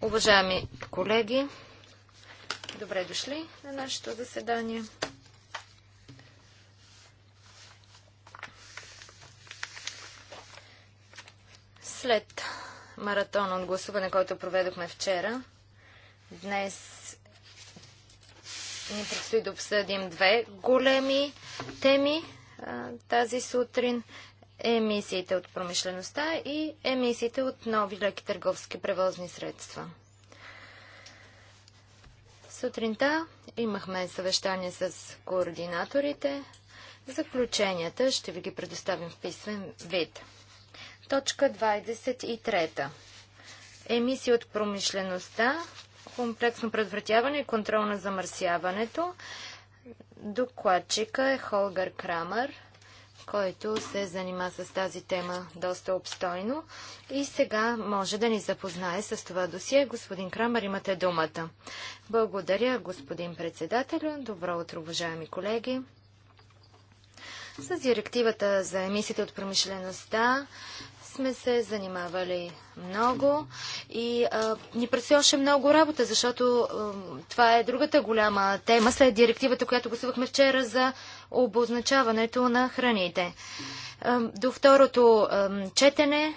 Уважаеми колеги, добре дошли на нашето заседание. След маратон от гласуване, който проведохме вчера, днес ни предстои да обсъдим две големи теми тази сутрин емисиите от промишлеността и емисиите от нови леки търговски превозни средства. Сутринта имахме съвещание с координаторите. Заключенията ще ви ги предоставим в писмен вид. Точка 23. Емисии от промишлеността, комплексно предвратяване и контрол на замърсяването. Докладчика е Холгар Крамър който се занима с тази тема доста обстойно и сега може да ни запознае с това досие. Господин Крамер, имате думата. Благодаря, господин председател. Добро утро, уважаеми колеги. С директивата за емисиите от промишлеността сме се занимавали много и а, ни предстои още много работа, защото а, това е другата голяма тема след директивата, която гласувахме вчера за обозначаването на храните. До второто четене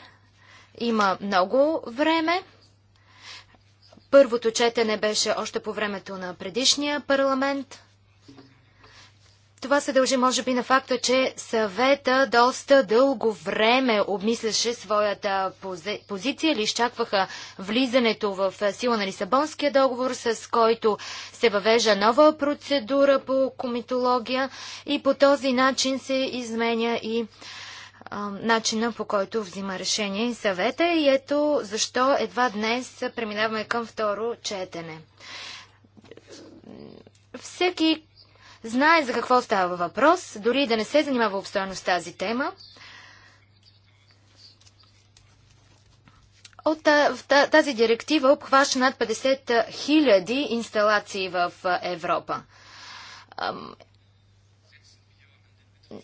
има много време. Първото четене беше още по времето на предишния парламент. Това се дължи, може би, на факта, че съвета доста дълго време обмисляше своята пози... позиция или изчакваха влизането в сила на Лисабонския договор, с който се въвежда нова процедура по комитология и по този начин се изменя и а, начина по който взима решение и съвета. И ето защо едва днес преминаваме към второ четене. Всеки знае за какво става въпрос, дори да не се занимава обстойно с тази тема. От тази директива обхваща над 50 000 инсталации в Европа.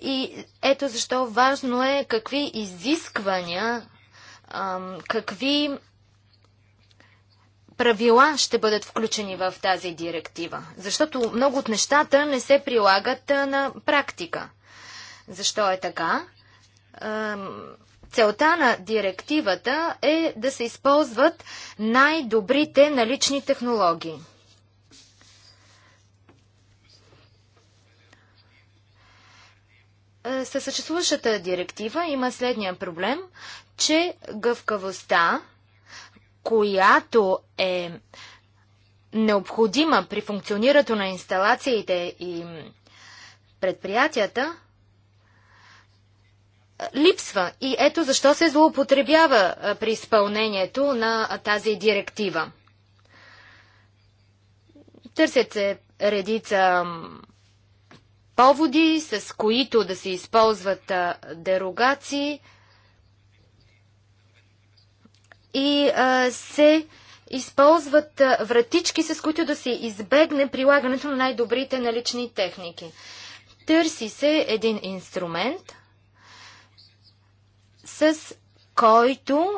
И ето защо важно е какви изисквания, какви правила ще бъдат включени в тази директива? Защото много от нещата не се прилагат на практика. Защо е така? Целта на директивата е да се използват най-добрите налични технологии. Е, със съществуващата директива има следния проблем, че гъвкавостта която е необходима при функционирането на инсталациите и предприятията, липсва. И ето защо се злоупотребява при изпълнението на тази директива. Търсят се редица поводи, с които да се използват дерогации – и а, се използват вратички, с които да се избегне прилагането на най-добрите налични техники. Търси се един инструмент, с който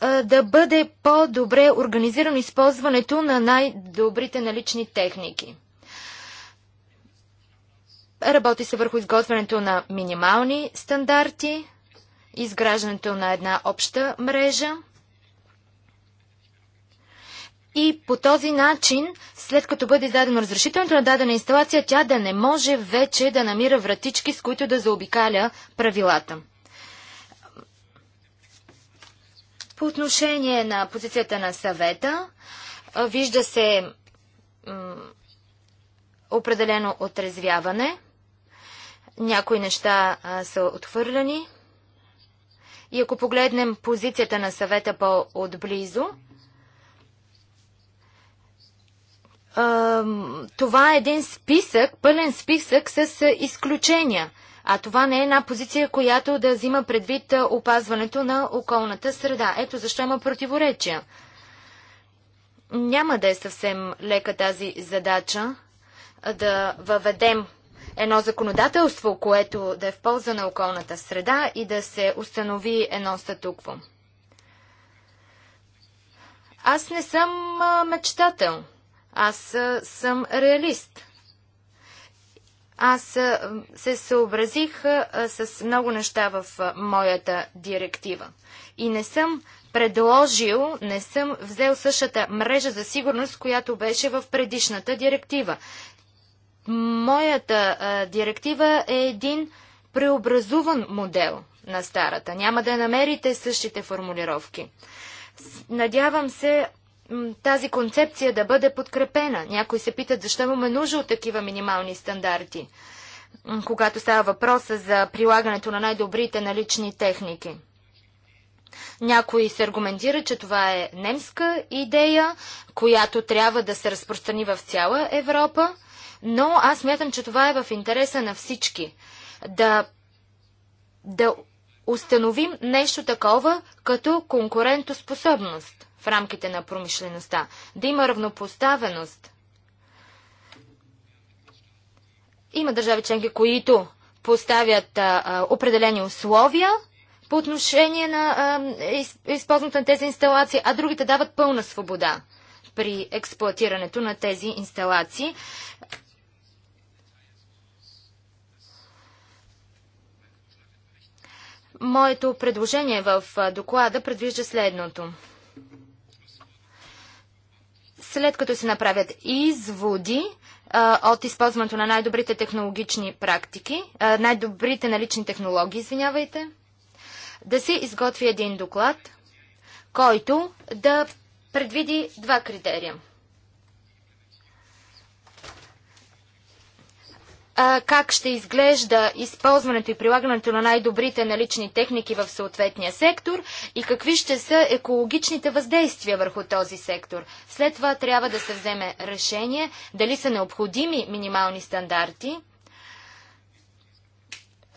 а, да бъде по-добре организирано използването на най-добрите налични техники. Работи се върху изготвянето на минимални стандарти, изграждането на една обща мрежа – и по този начин, след като бъде издадено разрешителното на дадена инсталация, тя да не може вече да намира вратички, с които да заобикаля правилата. По отношение на позицията на съвета, вижда се определено отрезвяване. Някои неща а, са отхвърляни. И ако погледнем позицията на съвета по-отблизо, това е един списък, пълен списък с изключения. А това не е една позиция, която да взима предвид опазването на околната среда. Ето защо има противоречия. Няма да е съвсем лека тази задача да въведем едно законодателство, което да е в полза на околната среда и да се установи едно статукво. Аз не съм мечтател. Аз съм реалист. Аз се съобразих с много неща в моята директива. И не съм предложил, не съм взел същата мрежа за сигурност, която беше в предишната директива. Моята директива е един преобразуван модел на старата. Няма да намерите същите формулировки. Надявам се тази концепция да бъде подкрепена. Някои се питат защо имаме нужда от такива минимални стандарти, когато става въпроса за прилагането на най-добрите налични техники. Някой се аргументира, че това е немска идея, която трябва да се разпространи в цяла Европа, но аз смятам, че това е в интереса на всички. Да, да установим нещо такова като конкурентоспособност в рамките на промишлеността, да има равнопоставеност. Има държави членки, които поставят а, а, определени условия по отношение на а, използването на тези инсталации, а другите дават пълна свобода при експлуатирането на тези инсталации. Моето предложение в доклада предвижда следното. След като се направят изводи а, от използването на най-добрите технологични практики, най-добрите налични технологии, извинявайте, да се изготви един доклад, който да предвиди два критерия – а, как ще изглежда използването и прилагането на най-добрите налични техники в съответния сектор и какви ще са екологичните въздействия върху този сектор. След това трябва да се вземе решение дали са необходими минимални стандарти,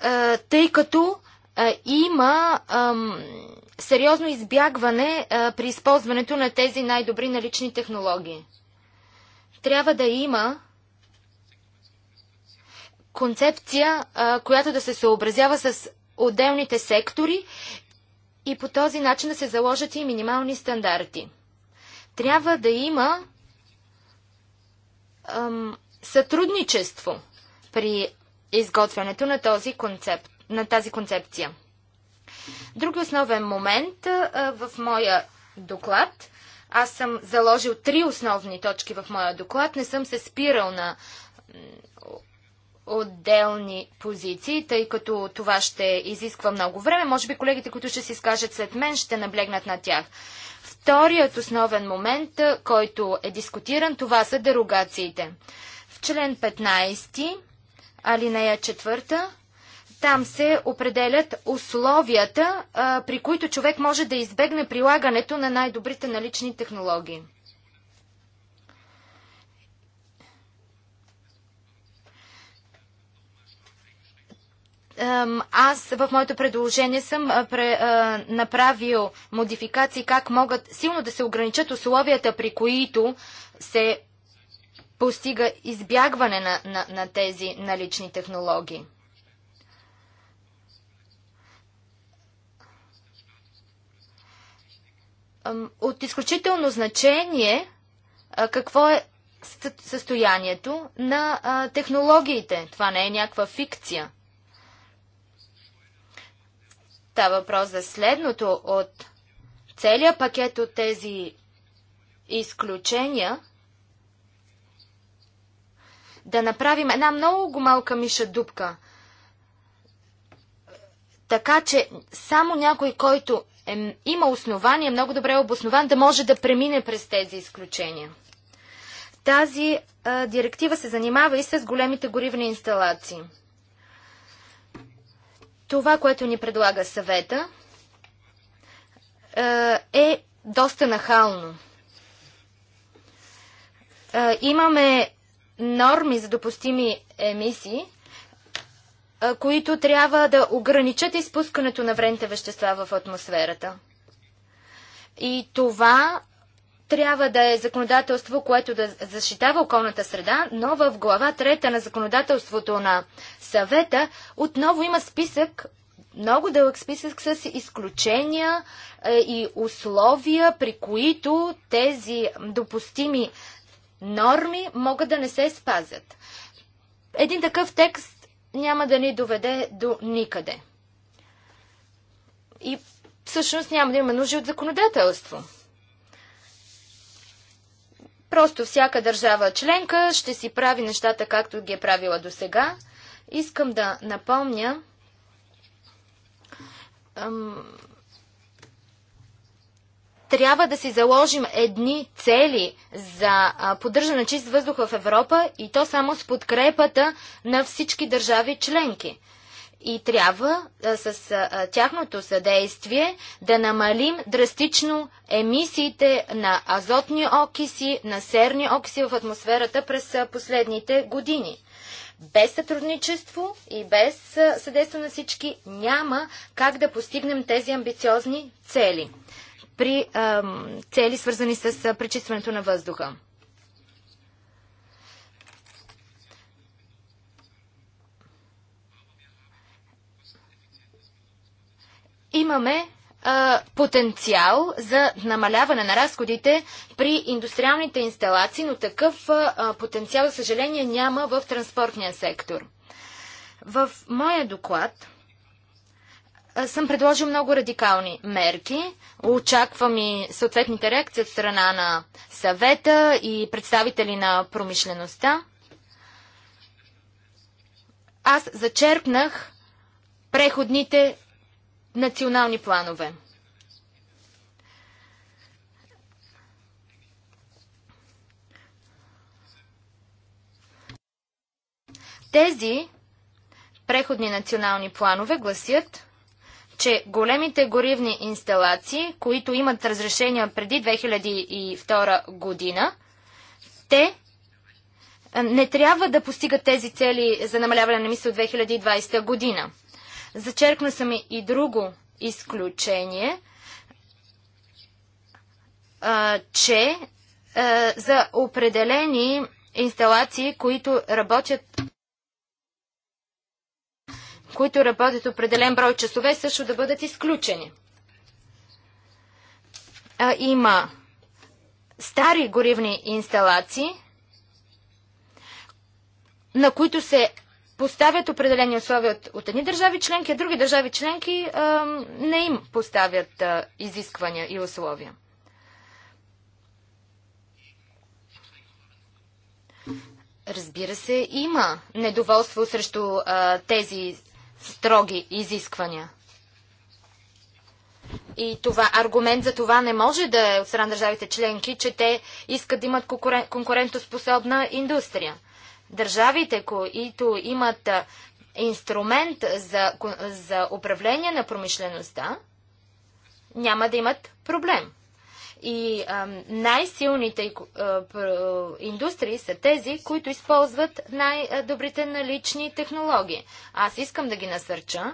а, тъй като а, има ам, сериозно избягване а, при използването на тези най-добри налични технологии. Трябва да има концепция, а, която да се съобразява с отделните сектори и по този начин да се заложат и минимални стандарти. Трябва да има ам, сътрудничество при изготвянето на, този концеп, на тази концепция. Други основен момент а, в моя доклад. Аз съм заложил три основни точки в моя доклад. Не съм се спирал на отделни позиции, тъй като това ще изисква много време. Може би колегите, които ще се изкажат след мен, ще наблегнат на тях. Вторият основен момент, който е дискутиран, това са дерогациите. В член 15, алинея 4, там се определят условията, при които човек може да избегне прилагането на най-добрите налични технологии. аз в моето предложение съм направил модификации как могат силно да се ограничат условията, при които се постига избягване на, на, на тези налични технологии. От изключително значение какво е състоянието на технологиите. Това не е някаква фикция. Та въпрос за следното от целият пакет от тези изключения да направим една много малка миша дупка. Така че само някой, който е, има основание, много добре е обоснован, да може да премине през тези изключения. Тази а, директива се занимава и с големите горивни инсталации. Това, което ни предлага съвета, е, е доста нахално. Е, имаме норми за допустими емисии, е, които трябва да ограничат изпускането на вредните вещества в атмосферата. И това трябва да е законодателство, което да защитава околната среда, но в глава трета на законодателството на съвета отново има списък, много дълъг списък с изключения е, и условия, при които тези допустими норми могат да не се спазят. Един такъв текст няма да ни доведе до никъде. И всъщност няма да има нужда от законодателство. Просто всяка държава членка ще си прави нещата както ги е правила до сега. Искам да напомня трябва да си заложим едни цели за поддържане на чист въздух в Европа и то само с подкрепата на всички държави членки и трябва а, с а, тяхното съдействие да намалим драстично емисиите на азотни окиси, на серни окиси в атмосферата през а, последните години. Без сътрудничество и без съдейство на всички няма как да постигнем тези амбициозни цели при цели свързани с пречистването на въздуха. имаме а, потенциал за намаляване на разходите при индустриалните инсталации, но такъв а, потенциал, за съжаление, няма в транспортния сектор. В моя доклад съм предложил много радикални мерки. Очаквам и съответните реакции от страна на съвета и представители на промишлеността. Аз зачерпнах преходните национални планове. Тези преходни национални планове гласят, че големите горивни инсталации, които имат разрешения преди 2002 година, те е, не трябва да постигат тези цели за намаляване на мисъл 2020 година. Зачеркна съм и друго изключение, че за определени инсталации, които работят които работят определен брой часове, също да бъдат изключени. А, има стари горивни инсталации, на които се поставят определени условия от, от едни държави членки, а други държави членки а, не им поставят а, изисквания и условия. Разбира се, има недоволство срещу а, тези строги изисквания. И това, аргумент за това не може да е от страна държавите членки, че те искат да имат конкурентоспособна индустрия. Държавите, които имат инструмент за, за управление на промишлеността, няма да имат проблем. И най-силните индустрии са тези, които използват най-добрите налични технологии. Аз искам да ги насърча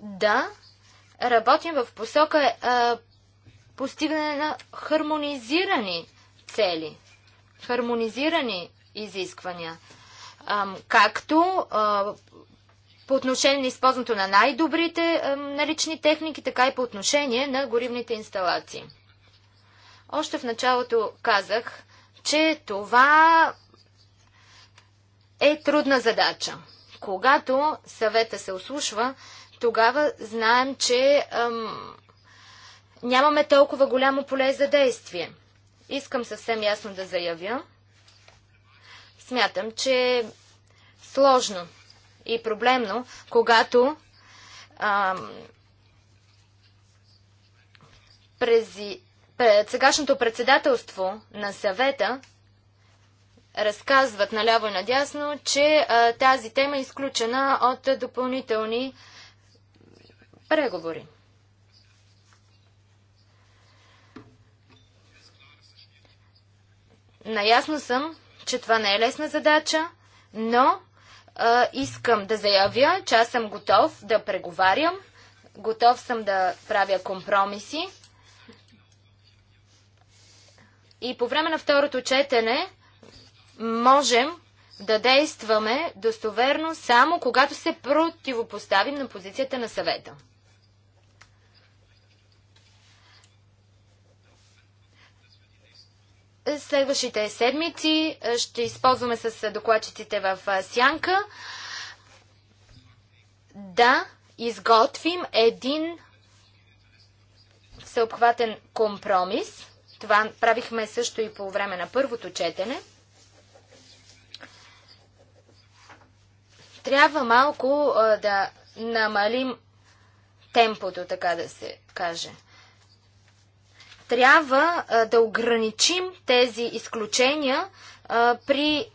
да работим в посока постигане на хармонизирани цели хармонизирани изисквания, както по отношение на използването на най-добрите налични техники, така и по отношение на горивните инсталации. Още в началото казах, че това е трудна задача. Когато съвета се ослушва, тогава знаем, че ам, нямаме толкова голямо поле за действие. Искам съвсем ясно да заявя. Смятам, че е сложно и проблемно, когато ам, прези, пред сегашното председателство на съвета разказват наляво и надясно, че а, тази тема е изключена от допълнителни преговори. Наясно съм, че това не е лесна задача, но а, искам да заявя, че аз съм готов да преговарям, готов съм да правя компромиси. И по време на второто четене можем да действаме достоверно само когато се противопоставим на позицията на съвета. Следващите седмици ще използваме с докладчиците в Сянка да изготвим един всеобхватен компромис. Това правихме също и по време на първото четене. Трябва малко да намалим темпото, така да се каже трябва да ограничим тези изключения при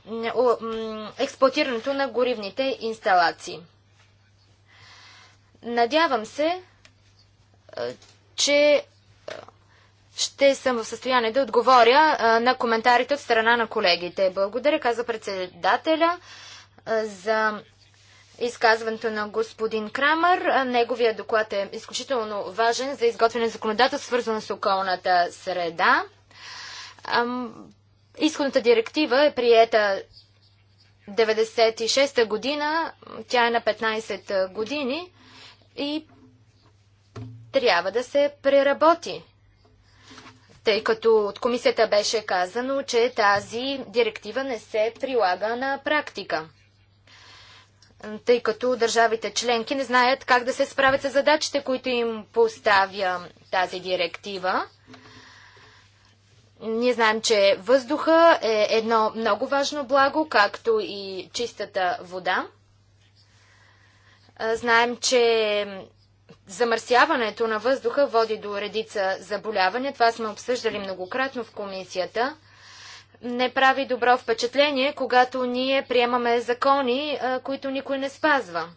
експлуатирането на горивните инсталации. Надявам се, че ще съм в състояние да отговоря на коментарите от страна на колегите. Благодаря, каза председателя, за изказването на господин Крамър. Неговия доклад е изключително важен за изготвяне на законодателство, свързано с околната среда. Изходната директива е приета 96-та година, тя е на 15 години и трябва да се преработи. Тъй като от комисията беше казано, че тази директива не се прилага на практика тъй като държавите членки не знаят как да се справят с задачите, които им поставя тази директива. Ние знаем, че въздуха е едно много важно благо, както и чистата вода. Знаем, че замърсяването на въздуха води до редица заболявания. Това сме обсъждали многократно в комисията – не прави добро впечатление, когато ние приемаме закони, които никой не спазва.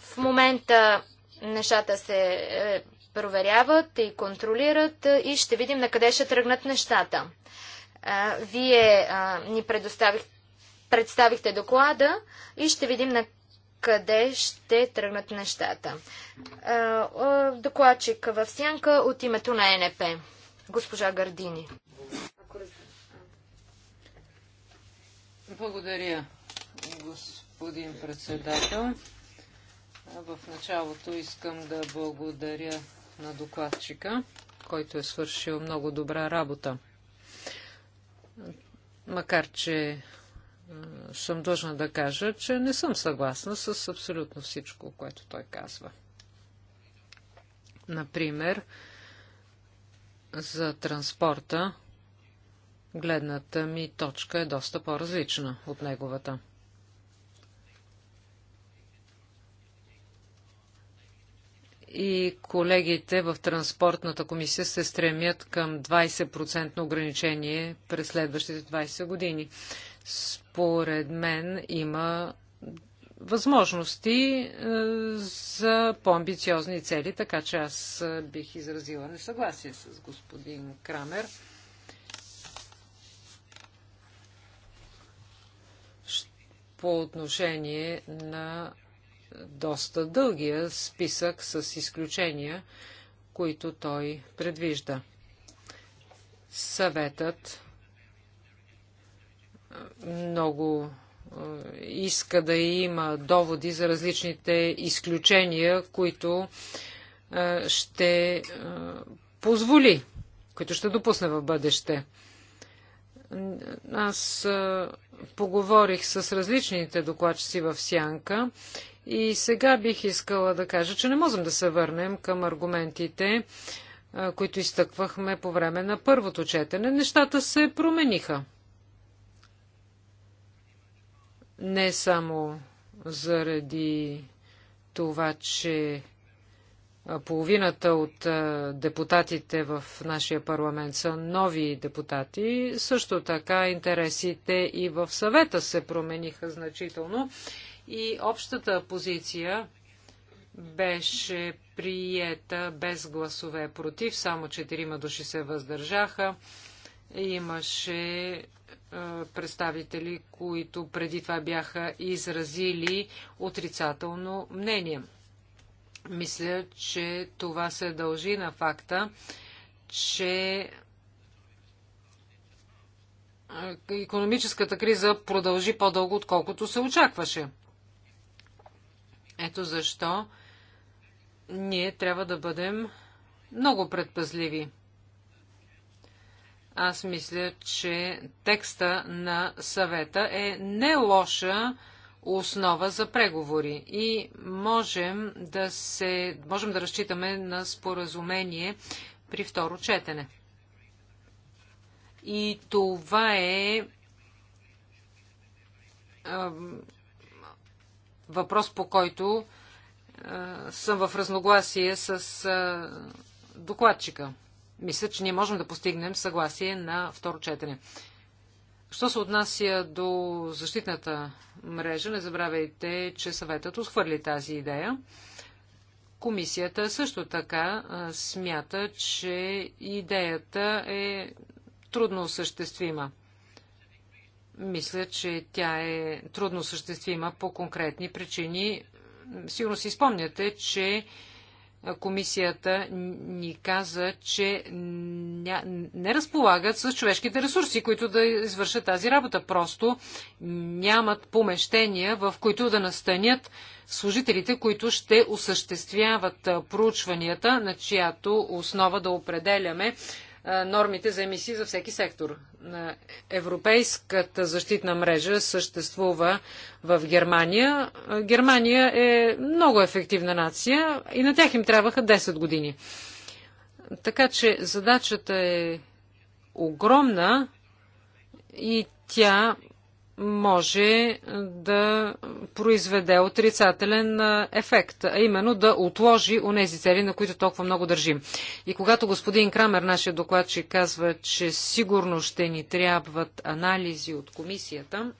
В момента нещата се е, проверяват и контролират е, и ще видим на къде ще тръгнат нещата. Вие ни представихте доклада и ще видим на къде ще тръгнат нещата. Докладчик в сянка от името на НП. Госпожа Гардини. Благодаря, господин председател. В началото искам да благодаря на докладчика, който е свършил много добра работа. Макар, че е, съм длъжна да кажа, че не съм съгласна с абсолютно всичко, което той казва. Например, за транспорта гледната ми точка е доста по-различна от неговата. И колегите в транспортната комисия се стремят към 20% ограничение през следващите 20 години. Според мен има възможности е, за по-амбициозни цели, така че аз е, бих изразила несъгласие с господин Крамер. по отношение на доста дългия списък с изключения, които той предвижда. Съветът много иска да има доводи за различните изключения, които ще позволи, които ще допусне в бъдеще. Аз поговорих с различните докладчици в Сянка и сега бих искала да кажа, че не можем да се върнем към аргументите, които изтъквахме по време на първото четене. Нещата се промениха. Не само заради това, че половината от депутатите в нашия парламент са нови депутати. Също така интересите и в съвета се промениха значително и общата позиция беше приета без гласове против, само четирима души се въздържаха. Имаше представители, които преди това бяха изразили отрицателно мнение. Мисля, че това се дължи на факта, че економическата криза продължи по-дълго, отколкото се очакваше. Ето защо ние трябва да бъдем много предпазливи. Аз мисля, че текста на съвета е не лоша основа за преговори и можем да, се, можем да разчитаме на споразумение при второ четене. И това е а, въпрос, по който а, съм в разногласие с а, докладчика. Мисля, че ние можем да постигнем съгласие на второ четене. Що се отнася до защитната мрежа, не забравяйте, че съветът отхвърли тази идея. Комисията също така смята, че идеята е трудно осъществима. Мисля, че тя е трудно осъществима по конкретни причини. Сигурно си спомняте, че комисията ни каза, че не разполагат с човешките ресурси, които да извършат тази работа. Просто нямат помещения, в които да настанят служителите, които ще осъществяват проучванията, на чиято основа да определяме нормите за емисии за всеки сектор. Европейската защитна мрежа съществува в Германия. Германия е много ефективна нация и на тях им трябваха 10 години. Така че задачата е огромна и тя може да произведе отрицателен ефект, а именно да отложи онези цели, на които толкова много държим. И когато господин Крамер, нашия докладчик, казва, че сигурно ще ни трябват анализи от комисията,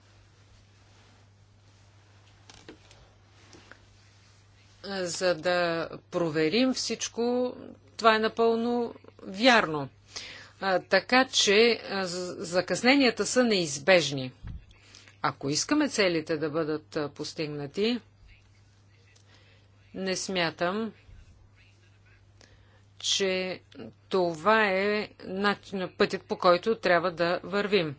за да проверим всичко, това е напълно вярно. Така че закъсненията са неизбежни. Ако искаме целите да бъдат постигнати, не смятам, че това е пътят, по който трябва да вървим.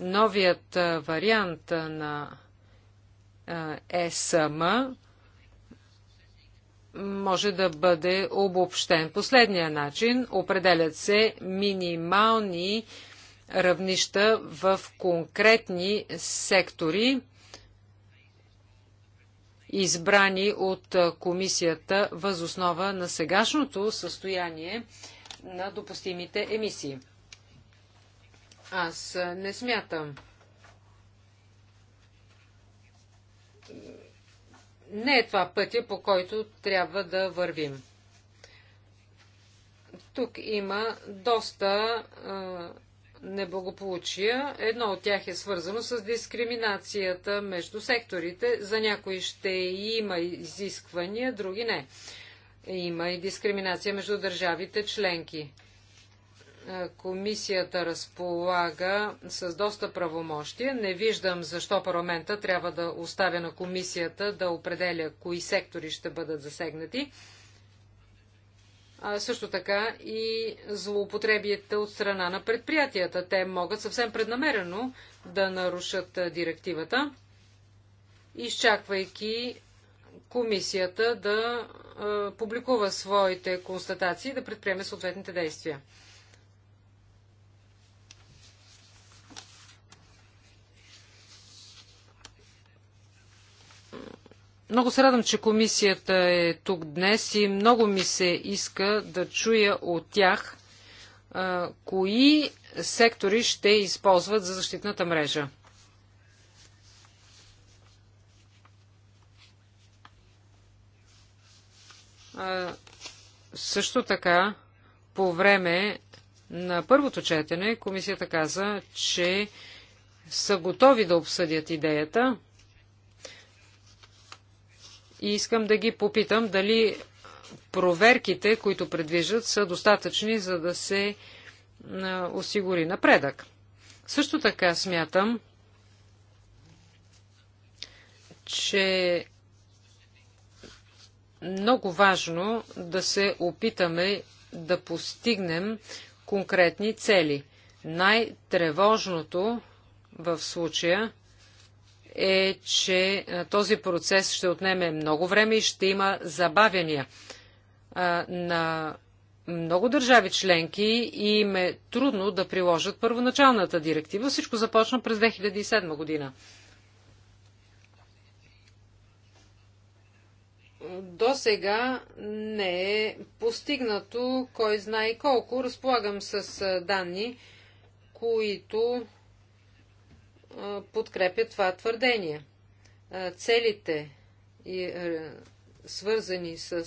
Новият вариант на ЕСМ може да бъде обобщен. Последния начин определят се минимални равнища в конкретни сектори, избрани от комисията възоснова на сегашното състояние на допустимите емисии. Аз не смятам. Не е това пътя, по който трябва да вървим. Тук има доста неблагополучия. Едно от тях е свързано с дискриминацията между секторите. За някои ще има изисквания, други не. Има и дискриминация между държавите членки. Е, комисията разполага с доста правомощия. Не виждам защо парламента трябва да оставя на комисията да определя кои сектори ще бъдат засегнати а също така и злоупотребията от страна на предприятията. Те могат съвсем преднамерено да нарушат директивата, изчаквайки комисията да публикува своите констатации и да предприеме съответните действия. Много се радвам, че комисията е тук днес и много ми се иска да чуя от тях кои сектори ще използват за защитната мрежа. също така, по време на първото четене, комисията каза, че са готови да обсъдят идеята и искам да ги попитам дали проверките, които предвиждат, са достатъчни, за да се осигури напредък. Също така смятам, че много важно да се опитаме да постигнем конкретни цели. Най-тревожното в случая е, че този процес ще отнеме много време и ще има забавяния. На много държави членки и им е трудно да приложат първоначалната директива. Всичко започна през 2007 година. До сега не е постигнато кой знае колко. Разполагам с данни, които подкрепя това твърдение. Целите, свързани с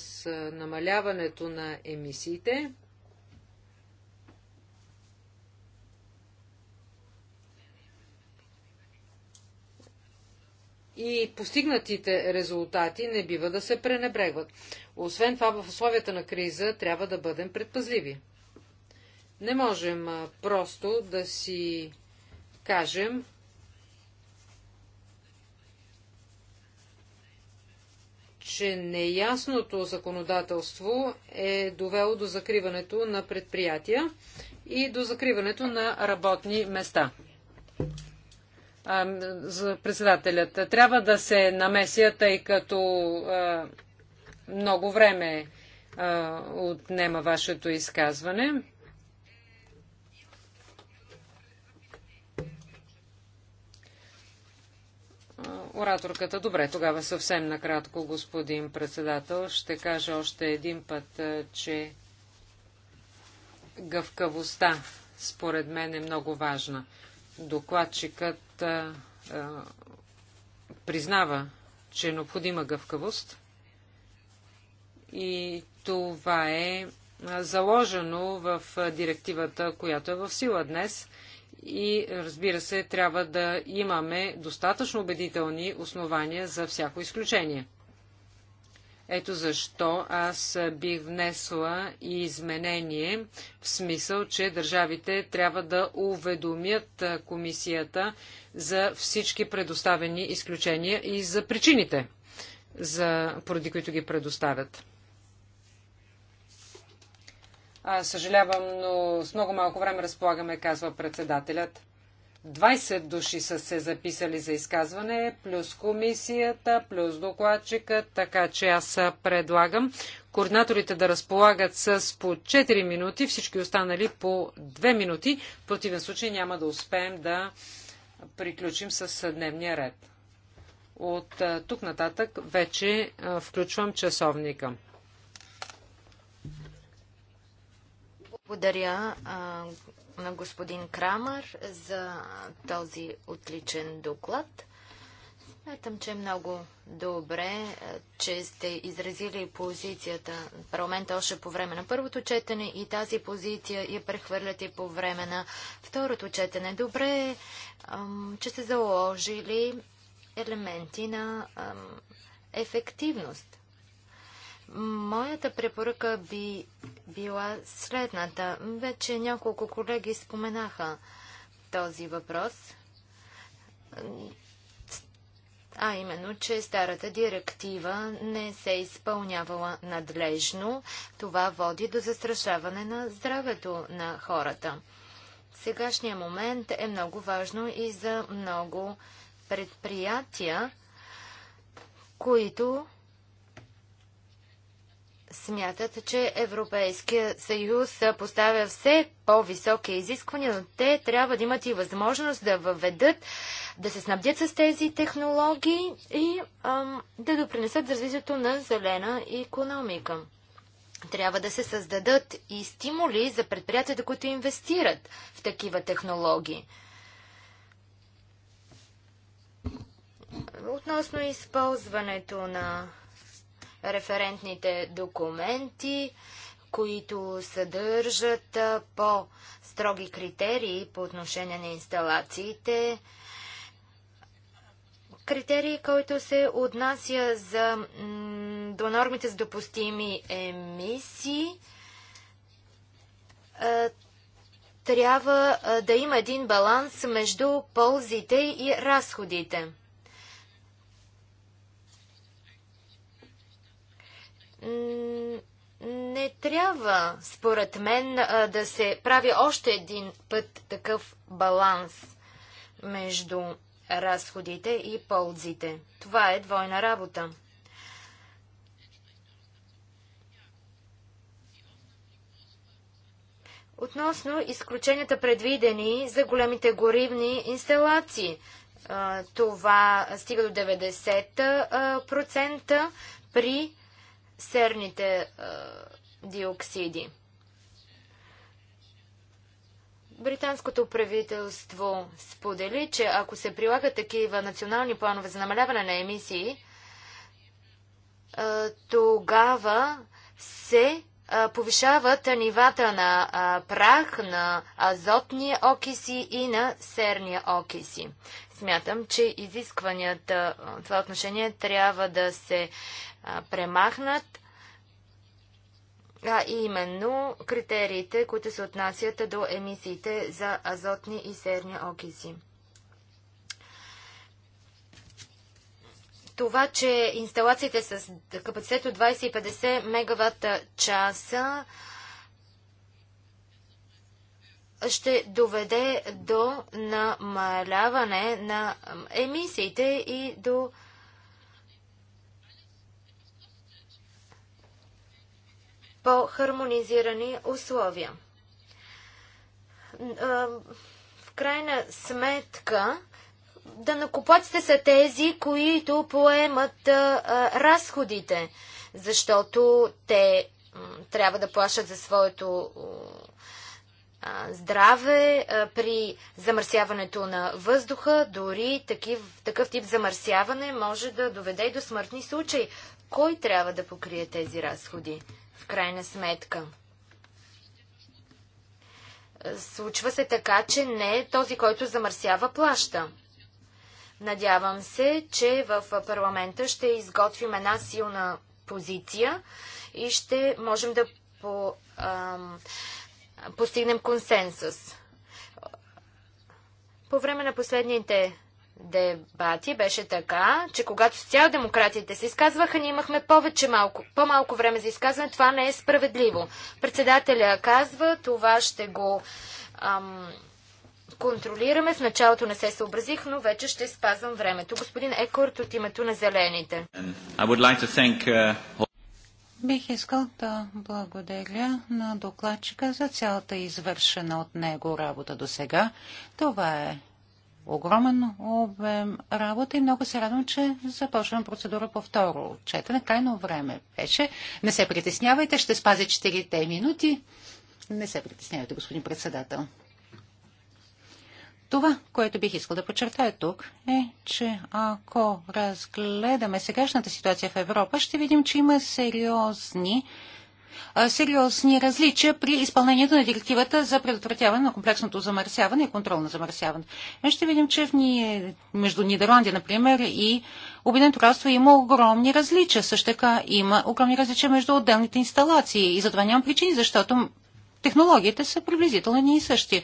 намаляването на емисиите, и постигнатите резултати не бива да се пренебрегват. Освен това, в условията на криза трябва да бъдем предпазливи. Не можем просто да си кажем, че неясното законодателство е довело до закриването на предприятия и до закриването на работни места. за председателят. Трябва да се намеся, тъй като много време отнема вашето изказване. Ораторката, добре, тогава съвсем накратко, господин председател, ще кажа още един път, че гъвкавостта според мен е много важна. Докладчикът а, а, признава, че е необходима гъвкавост и това е заложено в директивата, която е в сила днес – и разбира се, трябва да имаме достатъчно убедителни основания за всяко изключение. Ето защо аз бих внесла и изменение в смисъл, че държавите трябва да уведомят комисията за всички предоставени изключения и за причините, за, поради които ги предоставят. А, съжалявам, но с много малко време разполагаме, казва председателят. 20 души са се записали за изказване, плюс комисията, плюс докладчика, така че аз предлагам координаторите да разполагат с по 4 минути, всички останали по 2 минути. В противен случай няма да успеем да приключим с дневния ред. От тук нататък вече включвам часовника. Благодаря а, на господин Крамър за този отличен доклад. Смятам, че е много добре, че сте изразили позицията на парламента още по време на първото четене и тази позиция я прехвърляте по време на второто четене. Добре е, че сте заложили елементи на ефективност. Моята препоръка би била следната. Вече няколко колеги споменаха този въпрос, а именно, че старата директива не се изпълнявала надлежно. Това води до застрашаване на здравето на хората. Сегашния момент е много важно и за много предприятия, които смятат, че Европейския съюз поставя все по-високи изисквания, но те трябва да имат и възможност да въведат, да се снабдят с тези технологии и ам, да допринесат за развитието на зелена економика. Трябва да се създадат и стимули за предприятията, които инвестират в такива технологии. Относно използването на референтните документи, които съдържат по-строги критерии по отношение на инсталациите. Критерии, които се отнася за, до нормите с допустими емисии, трябва да има един баланс между ползите и разходите. Не трябва, според мен, да се прави още един път такъв баланс между разходите и ползите. Това е двойна работа. Относно изключенията предвидени за големите горивни инсталации, това стига до 90% при серните а, диоксиди. Британското правителство сподели, че ако се прилагат такива национални планове за намаляване на емисии, а, тогава се повишават нивата на прах, на азотни окиси и на серни окиси. Смятам, че изискванията в това отношение трябва да се премахнат, а именно критериите, които се отнасят до емисиите за азотни и серни окиси. това, че инсталациите с капацитет от 20 50 мегаватта часа ще доведе до намаляване на емисиите и до по-хармонизирани условия. В крайна сметка, данъкоплатците са тези, които поемат а, разходите, защото те трябва да плащат за своето здраве, при замърсяването на въздуха, дори такив, такъв тип замърсяване може да доведе и до смъртни случаи. Кой трябва да покрие тези разходи, в крайна сметка? Случва се така, че не е този, който замърсява, плаща. Надявам се, че в парламента ще изготвим една силна позиция и ще можем да по, ам, постигнем консенсус. По време на последните дебати беше така, че когато социал-демократите се изказваха, ние имахме повече малко, по-малко време за изказване. Това не е справедливо. Председателя казва, това ще го ам, контролираме. В началото не се съобразих, но вече ще спазвам времето. Господин Екорт от името на Зелените. Like thank... Uh, Бих искал да благодаря на докладчика за цялата извършена от него работа до сега. Това е огромен обем работа и много се радвам, че започвам процедура по второ четене. Крайно време беше. Не се притеснявайте, ще спазя 4 минути. Не се притеснявайте, господин председател. Това, което бих искал да подчертая тук, е, че ако разгледаме сегашната ситуация в Европа, ще видим, че има сериозни сериозни различия при изпълнението на директивата за предотвратяване на комплексното замърсяване и контрол на замърсяване. Е, ще видим, че в ни, между Нидерландия, например, и Обединеното кралство има огромни различия. Също така има огромни различия между отделните инсталации. И затова нямам причини, защото технологиите са приблизително ни и същи.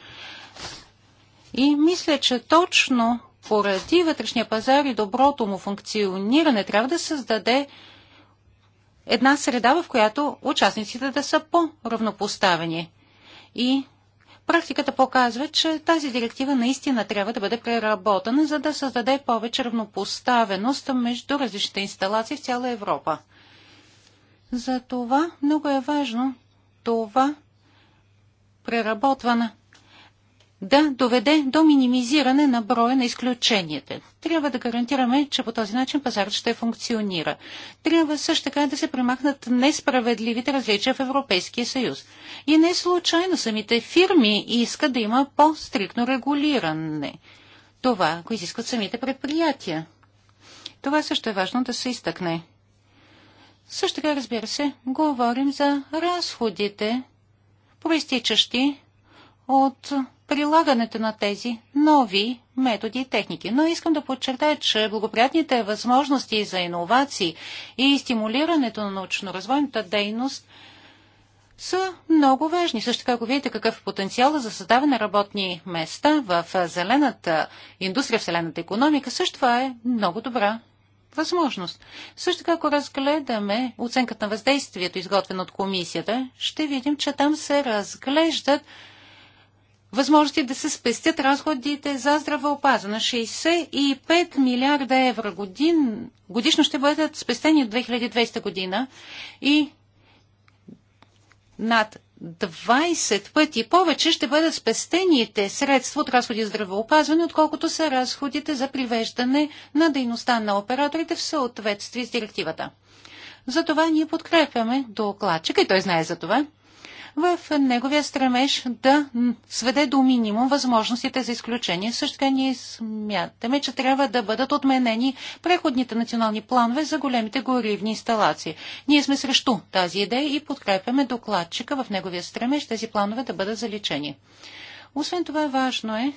И мисля, че точно поради вътрешния пазар и доброто му функциониране трябва да създаде една среда, в която участниците да са по-равнопоставени. И практиката показва, че тази директива наистина трябва да бъде преработена, за да създаде повече равнопоставеност между различните инсталации в цяла Европа. Затова много е важно това преработване да доведе до минимизиране на броя на изключенията. Трябва да гарантираме, че по този начин пазарът ще функционира. Трябва също така да се примахнат несправедливите различия в Европейския съюз. И не случайно самите фирми искат да има по-стрикно регулиране. Това, ако изискват самите предприятия. Това също е важно да се изтъкне. Също така, разбира се, говорим за разходите, проистичащи от прилагането на тези нови методи и техники. Но искам да подчертая, че благоприятните възможности за иновации и стимулирането на научно-развойната дейност са много важни. Също така, ако видите какъв е потенциал за създаване на работни места в зелената индустрия, в зелената економика, също това е много добра възможност. Също така, ако разгледаме оценката на въздействието, изготвена от комисията, ще видим, че там се разглеждат възможности да се спестят разходите за здравеопазване. 65 милиарда евро годин, годишно ще бъдат спестени от 2020 година и над 20 пъти повече ще бъдат спестените средства от разходи за здравеопазване, отколкото са разходите за привеждане на дейността на операторите в съответствие с директивата. Затова ние подкрепяме докладчика и той знае за това в неговия стремеж да сведе до минимум възможностите за изключение. Също така ние смятаме, че трябва да бъдат отменени преходните национални планове за големите горивни инсталации. Ние сме срещу тази идея и подкрепяме докладчика в неговия стремеж тези планове да бъдат заличени. Освен това, важно е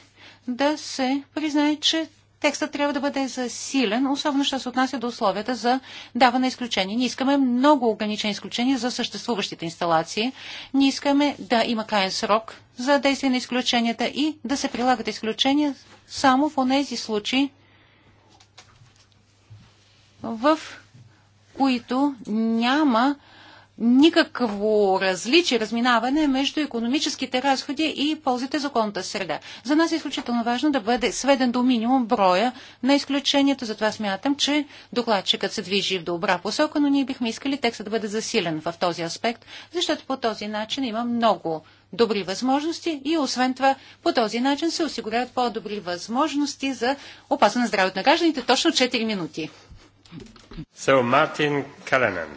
да се признае, че текстът трябва да бъде засилен, особено що се отнася до условията за даване изключение. Ние искаме много ограничени изключения за съществуващите инсталации. Ние искаме да има крайен срок за действие на изключенията и да се прилагат изключения само в тези случаи, в които няма никакво различие, разминаване между економическите разходи и ползите за околната среда. За нас е изключително важно да бъде сведен до минимум броя на изключението. Затова смятам, че докладчикът се движи в добра посока, но ние бихме искали текстът да бъде засилен в този аспект, защото по този начин има много добри възможности и освен това по този начин се осигуряват по-добри възможности за опазване здравето на гражданите. Точно 4 минути. So, Martin Callanan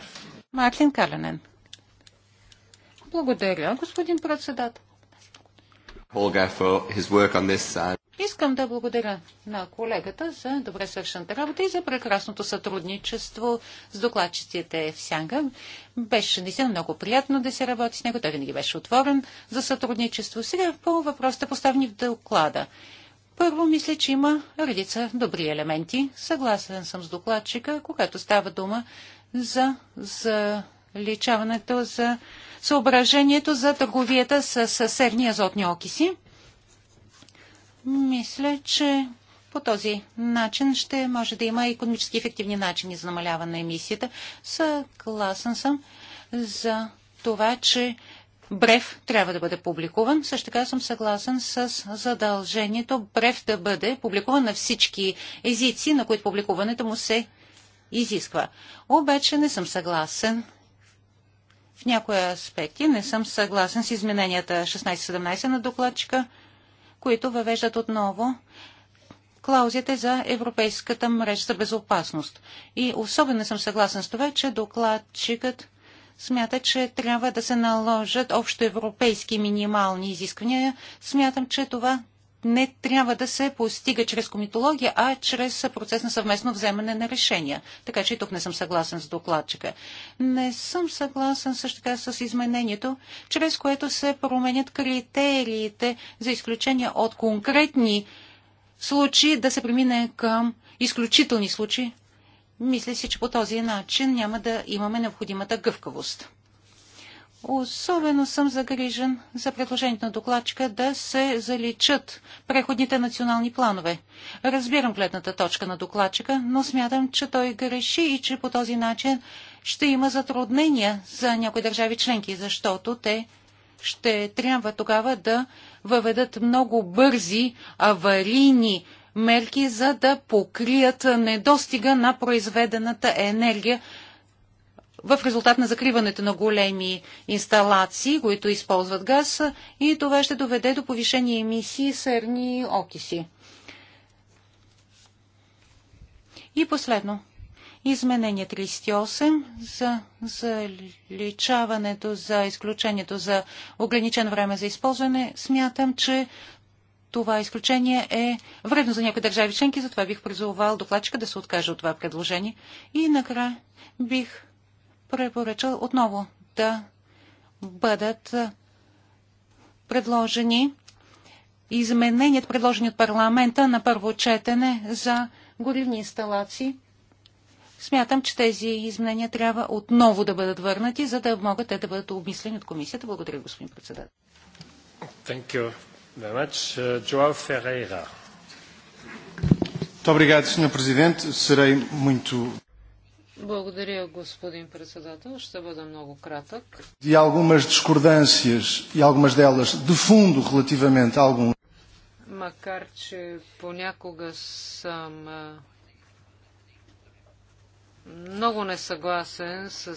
Мартин Каленен. Благодаря, господин председател. Искам да благодаря на колегата за добре свършената работа и за прекрасното сътрудничество с докладчиците в Сянга. Беше наистина много приятно да се работи с него. Той винаги беше отворен за сътрудничество. Сега по въпросите поставени в доклада. Първо, мисля, че има редица добри елементи. Съгласен съм с докладчика, когато става дума за заличаването за съображението за търговията с съседни азотни окиси. Мисля, че по този начин ще може да има економически ефективни начини за намаляване на емисията. Съгласен съм за това, че Брев трябва да бъде публикуван. Също така съм съгласен с задължението Брев да бъде публикуван на всички езици, на които публикуването му се изисква. Обаче не съм съгласен. В някои аспекти не съм съгласен с измененията 16-17 на докладчика, които въвеждат отново клаузите за Европейската мрежа за безопасност. И особено не съм съгласен с това, че докладчикът смята, че трябва да се наложат общоевропейски минимални изисквания. Смятам, че това не трябва да се постига чрез комитология, а чрез процес на съвместно вземане на решения. Така че и тук не съм съгласен с докладчика. Не съм съгласен също така с изменението, чрез което се променят критериите за изключение от конкретни случаи да се премине към изключителни случаи. Мисля си, че по този начин няма да имаме необходимата гъвкавост. Особено съм загрижен за предложението на докладчика да се заличат преходните национални планове. Разбирам гледната точка на докладчика, но смятам, че той греши и че по този начин ще има затруднения за някои държави членки, защото те ще трябва тогава да въведат много бързи аварийни мерки, за да покрият недостига на произведената енергия в резултат на закриването на големи инсталации, които използват газ и това ще доведе до повишени емисии серни окиси. И последно. Изменение 38 за заличаването, за изключението за ограничено време за използване. Смятам, че това изключение е вредно за някои държави членки, затова бих призовал докладчика да се откаже от това предложение. И накрая бих Препоръча отново да бъдат предложени измененията, предложени от парламента на първо четене за горивни инсталации. Смятам, че тези изменения трябва отново да бъдат върнати, за да могат те да бъдат обмислени от комисията. Благодаря, господин председател. Thank you very much. Uh, João Ferreira. Muito obrigado, Sr. Presidente. Serei muito благодаря, господин председател. Ще бъда много кратък. И algumas discordâncias, и algumas delas de fundo relativamente a algum... Макар, че понякога съм много несъгласен с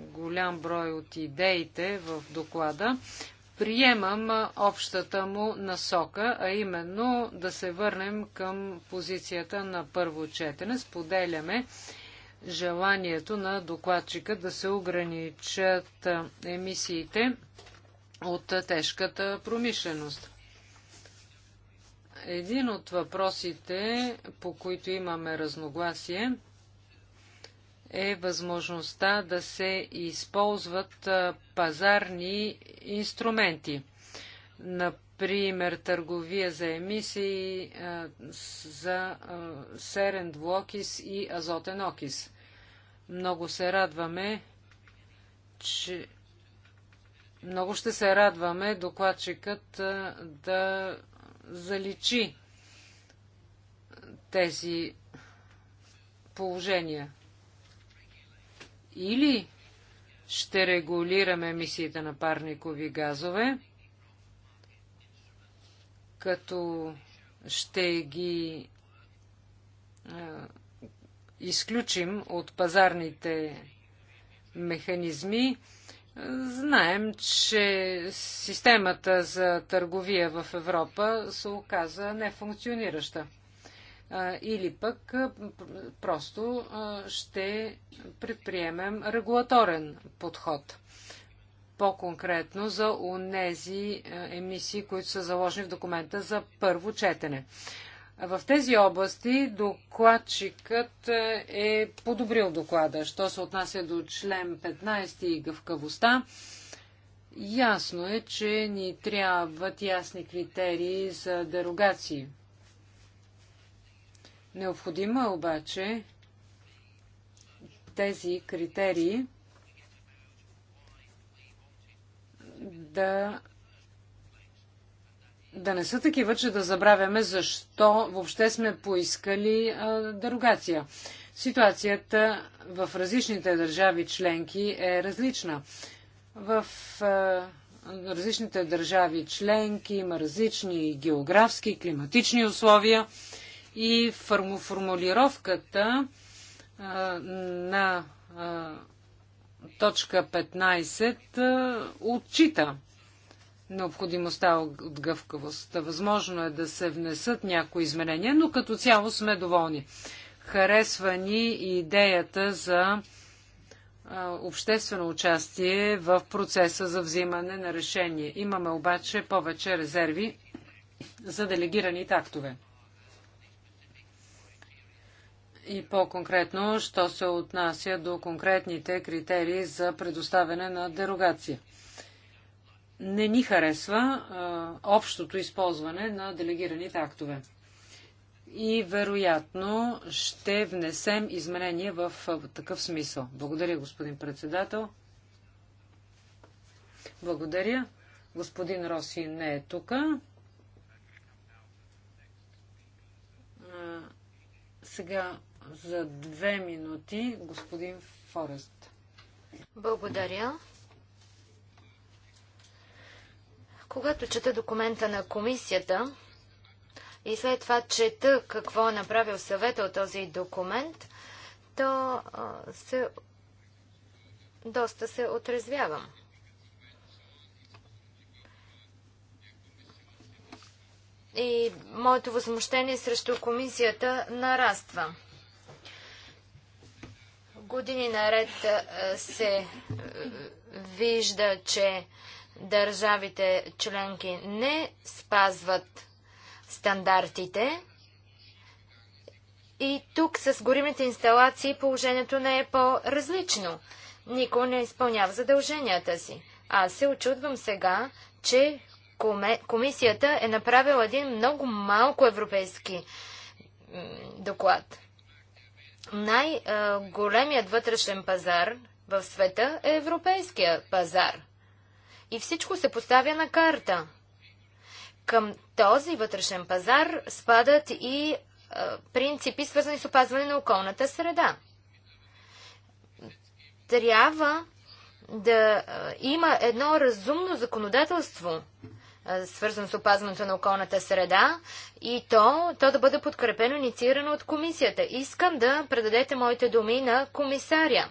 голям брой от идеите в доклада, приемам общата му насока, а именно да се върнем към позицията на първо четене. Споделяме желанието на докладчика да се ограничат емисиите от тежката промишленост. Един от въпросите, по които имаме разногласие, е възможността да се използват пазарни инструменти. На Пример търговия за емисии за серен двуокис и азотен окис. Много се радваме, че много ще се радваме докладчикът да заличи тези положения. Или ще регулираме емисиите на парникови газове, като ще ги изключим от пазарните механизми, знаем, че системата за търговия в Европа се оказа нефункционираща. Или пък просто ще предприемем регулаторен подход по-конкретно за онези е, емисии, които са заложени в документа за първо четене. В тези области докладчикът е, е подобрил доклада. Що се отнася до член 15 и гъвкавостта, ясно е, че ни трябват ясни критерии за дерогации. Необходимо е обаче тези критерии да да не са такива, че да забравяме защо въобще сме поискали а, дерогация. Ситуацията в различните държави членки е различна. В а, различните държави членки има различни географски, климатични условия и формулировката а, на а, точка 15 отчита необходимостта от гъвкавост. Възможно е да се внесат някои изменения, но като цяло сме доволни. Харесва ни и идеята за обществено участие в процеса за взимане на решение. Имаме обаче повече резерви за делегираните актове и по-конкретно, що се отнася до конкретните критерии за предоставяне на дерогация. Не ни харесва а, общото използване на делегираните актове. И вероятно ще внесем изменения в в такъв смисъл. Благодаря, господин председател. Благодаря. Господин Роси не е тук. Сега за две минути господин Форест. Благодаря. Когато чета документа на комисията и след това чета какво е направил съвета от този документ, то а, се, доста се отрезвявам. И моето възмущение срещу комисията нараства. Години наред се вижда, че държавите членки не спазват стандартите. И тук с горимите инсталации положението не е по-различно. Никой не изпълнява задълженията си. Аз се очудвам сега, че комисията е направила един много малко европейски доклад най-големият вътрешен пазар в света е европейския пазар. И всичко се поставя на карта. Към този вътрешен пазар спадат и е, принципи, свързани с опазване на околната среда. Трябва да е, има едно разумно законодателство свързано с опазването на околната среда и то, то да бъде подкрепено, инициирано от комисията. Искам да предадете моите думи на комисаря.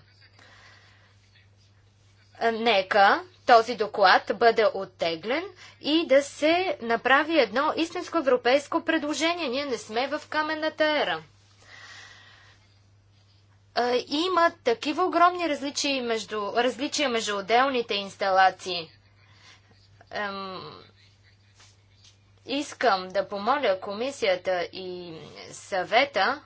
Нека този доклад бъде оттеглен и да се направи едно истинско европейско предложение. Ние не сме в каменната ера. Има такива огромни различия между, различия между отделните инсталации. Искам да помоля комисията и съвета.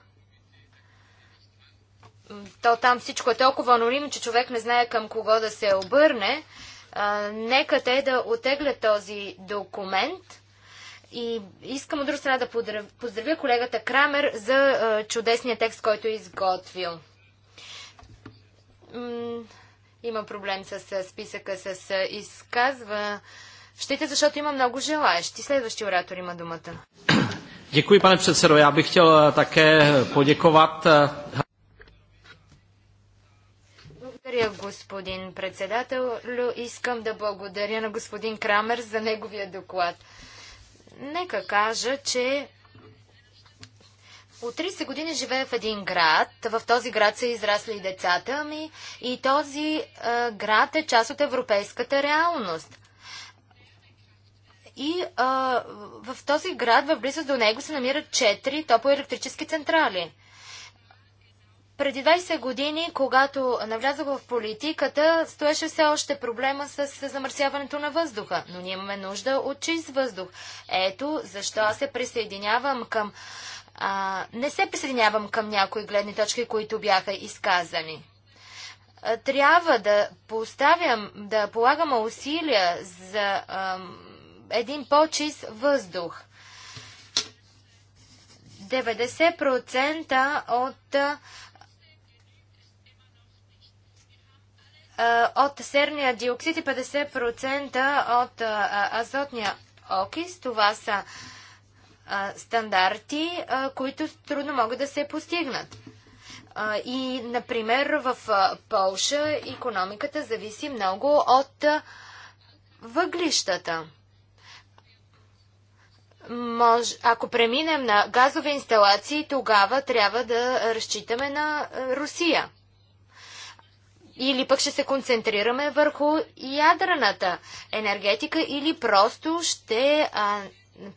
То там всичко е толкова анонимно, че човек не знае към кого да се обърне. А, нека те да отеглят този документ. И искам от друга страна да поздравя колегата Крамер за а, чудесния текст, който е изготвил. има проблем с списъка с изказва Щете, защото има много желаящи. Следващия оратор има думата. Děkuji, pane předsedo. Já bych chtěl eh, také eh, poděkovat. Eh, благодаря, господин председател. Искам да благодаря на господин Крамер за неговия доклад. Нека кажа, че от 30 години живея в един град. В този град са израсли и децата ми. И този е, град е част от европейската реалност. И а, в този град, в близост до него, се намират 4 топоелектрически централи. Преди 20 години, когато навлязох в политиката, стоеше все още проблема с замърсяването на въздуха. Но ние имаме нужда от чист въздух. Ето защо аз се присъединявам към... А, не се присъединявам към някои гледни точки, които бяха изказани трябва да поставям, да полагаме усилия за А, един по-чист въздух. 90% от от серния диоксид и 50% от азотния окис. Това са стандарти, които трудно могат да се постигнат. И, например, в Полша економиката зависи много от въглищата. Мож, ако преминем на газови инсталации, тогава трябва да разчитаме на е, Русия. Или пък ще се концентрираме върху ядрената енергетика, или просто ще а,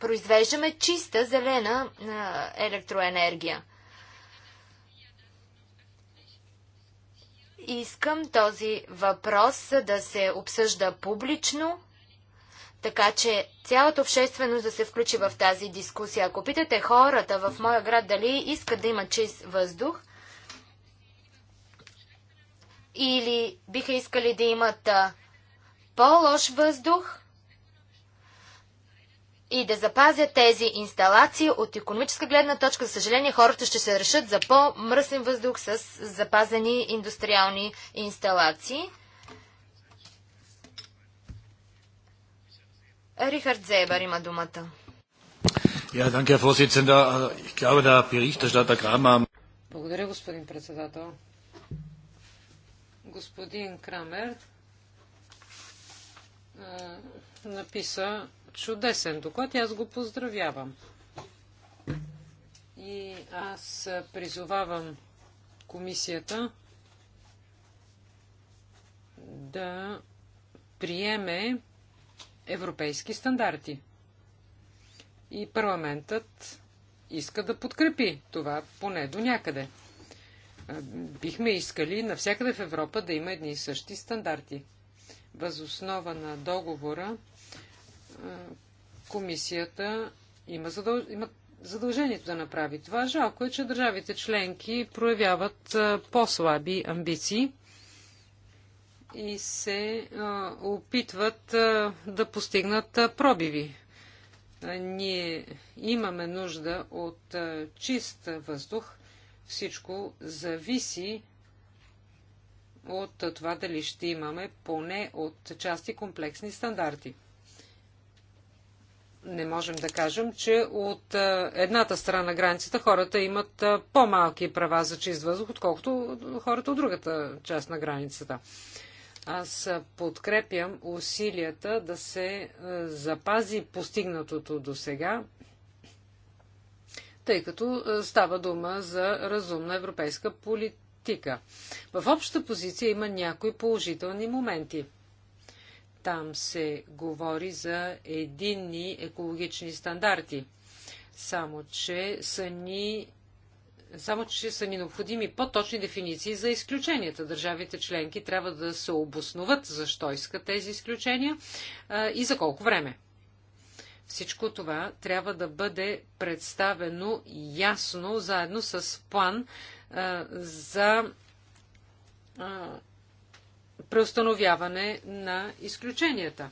произвеждаме чиста зелена а, електроенергия. Искам този въпрос да се обсъжда публично така че цялата общественост да се включи в тази дискусия. Ако питате хората в моя град дали искат да има чист въздух, или биха искали да имат по-лош въздух и да запазят тези инсталации от економическа гледна точка. За съжаление, хората ще се решат за по-мръсен въздух с запазени индустриални инсталации. Рихард Зебер има думата. Ja, danke, Herr Vorsitzender. Äh, ich glaube, der Berichterstatter Kramer. Благодаря, господин председател. Господин Крамер äh, написа чудесен доклад и аз го поздравявам. И аз призовавам комисията да приеме европейски стандарти. И парламентът иска да подкрепи това поне до някъде. Бихме искали навсякъде в Европа да има едни и същи стандарти. Възоснова на договора комисията има, задъл... има задължението да направи това. Жалко е, че държавите членки проявяват по-слаби амбиции и се а, опитват а, да постигнат а, пробиви. А, ние имаме нужда от а, чист въздух. Всичко зависи от а, това дали ще имаме поне от части комплексни стандарти. Не можем да кажем, че от а, едната страна на границата хората имат по-малки права за чист въздух, отколкото хората от другата част на границата. Аз подкрепям усилията да се запази постигнатото до сега, тъй като става дума за разумна европейска политика. В общата позиция има някои положителни моменти. Там се говори за единни екологични стандарти. Само, че са ни само, че са ни необходими по-точни дефиниции за изключенията. Държавите членки трябва да се обосноват защо искат тези изключения и за колко време. Всичко това трябва да бъде представено ясно, заедно с план за преустановяване на изключенията.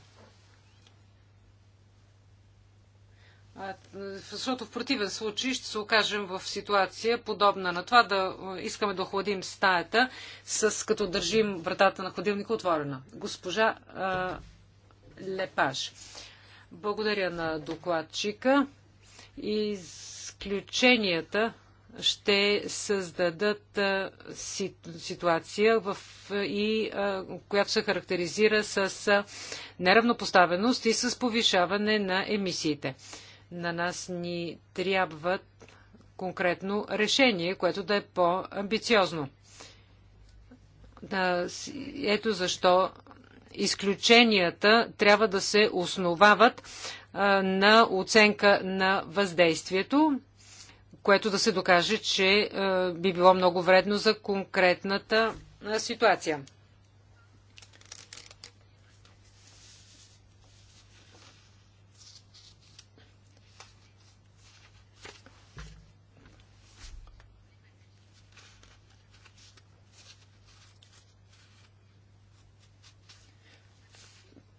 Защото в противен случай ще се окажем в ситуация подобна на това да искаме да охладим стаята, с като държим вратата на хладилника отворена. Госпожа а, Лепаш. Благодаря на докладчика. Изключенията ще създадат ситуация, в, и, която се характеризира с неравнопоставеност и с повишаване на емисиите. На нас ни трябва конкретно решение, което да е по-амбициозно. Ето защо изключенията трябва да се основават на оценка на въздействието, което да се докаже, че би било много вредно за конкретната ситуация.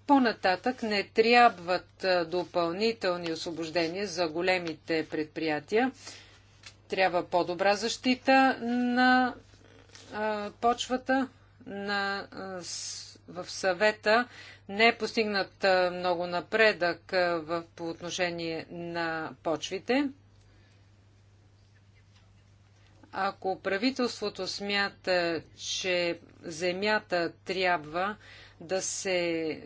По-нататък не трябват допълнителни освобождения за големите предприятия. Трябва по-добра защита на почвата на, в съвета. Не е постигнат много напредък в, по отношение на почвите. Ако правителството смята, че земята трябва да се,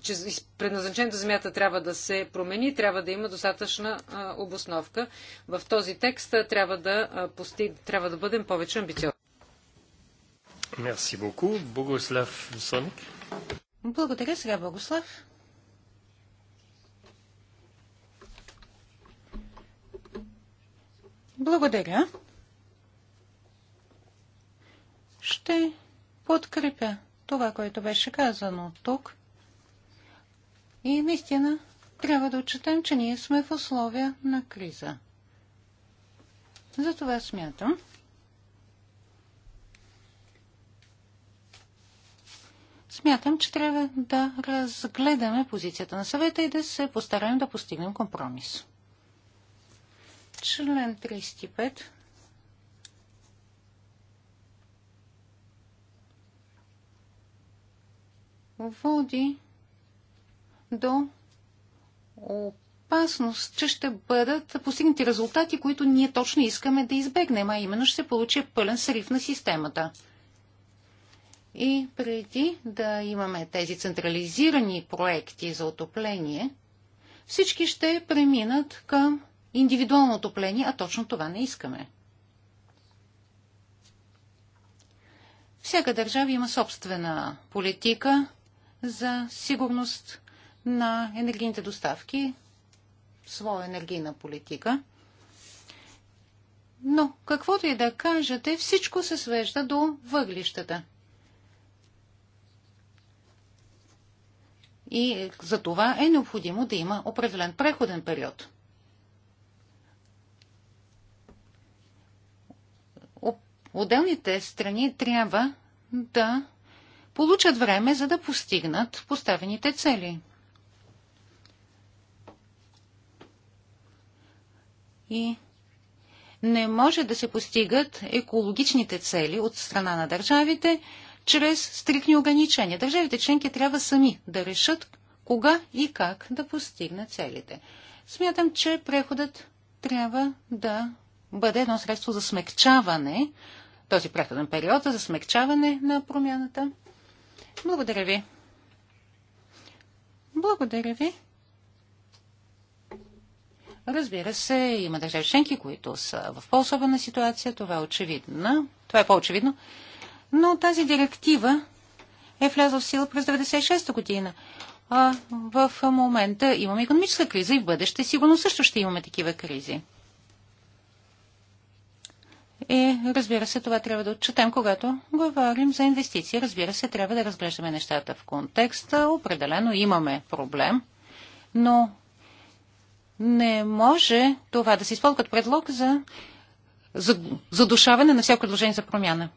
че предназначението за земята трябва да се промени, трябва да има достатъчна а, обосновка. В този текст трябва да, а, пости, трябва да бъдем повече амбициозни. Мерси боку. Богослав Соник. Благодаря сега, Богослав. Благодаря. Ще подкрепя това, което беше казано тук. И наистина трябва да отчетем, че ние сме в условия на криза. Затова смятам, смятам, че трябва да разгледаме позицията на съвета и да се постараем да постигнем компромис. Член 35 води до опасност, че ще бъдат постигнати резултати, които ние точно искаме да избегнем, а именно ще се получи пълен срив на системата. И преди да имаме тези централизирани проекти за отопление, всички ще преминат към индивидуално отопление, а точно това не искаме. Всяка държава има собствена политика за сигурност на енергийните доставки, своя енергийна политика. Но, каквото и да кажете, всичко се свежда до въглищата. И за това е необходимо да има определен преходен период. Отделните страни трябва да получат време, за да постигнат поставените цели. И не може да се постигат екологичните цели от страна на държавите чрез стрикни ограничения. Държавите членки трябва сами да решат кога и как да постигнат целите. Смятам, че преходът трябва да бъде едно средство за смекчаване, този преходен период за смекчаване на промяната благодаря ви. Благодаря ви. Разбира се, има държави членки, които са в по-особена ситуация. Това е очевидно. Това е по-очевидно. Но тази директива е влязла в сила през 1996 година. А в момента имаме економическа криза и в бъдеще сигурно също ще имаме такива кризи. И разбира се, това трябва да отчетем, когато говорим за инвестиции. Разбира се, трябва да разглеждаме нещата в контекста. Определено имаме проблем, но не може това да се използва като предлог за задушаване на всяко предложение за промяна.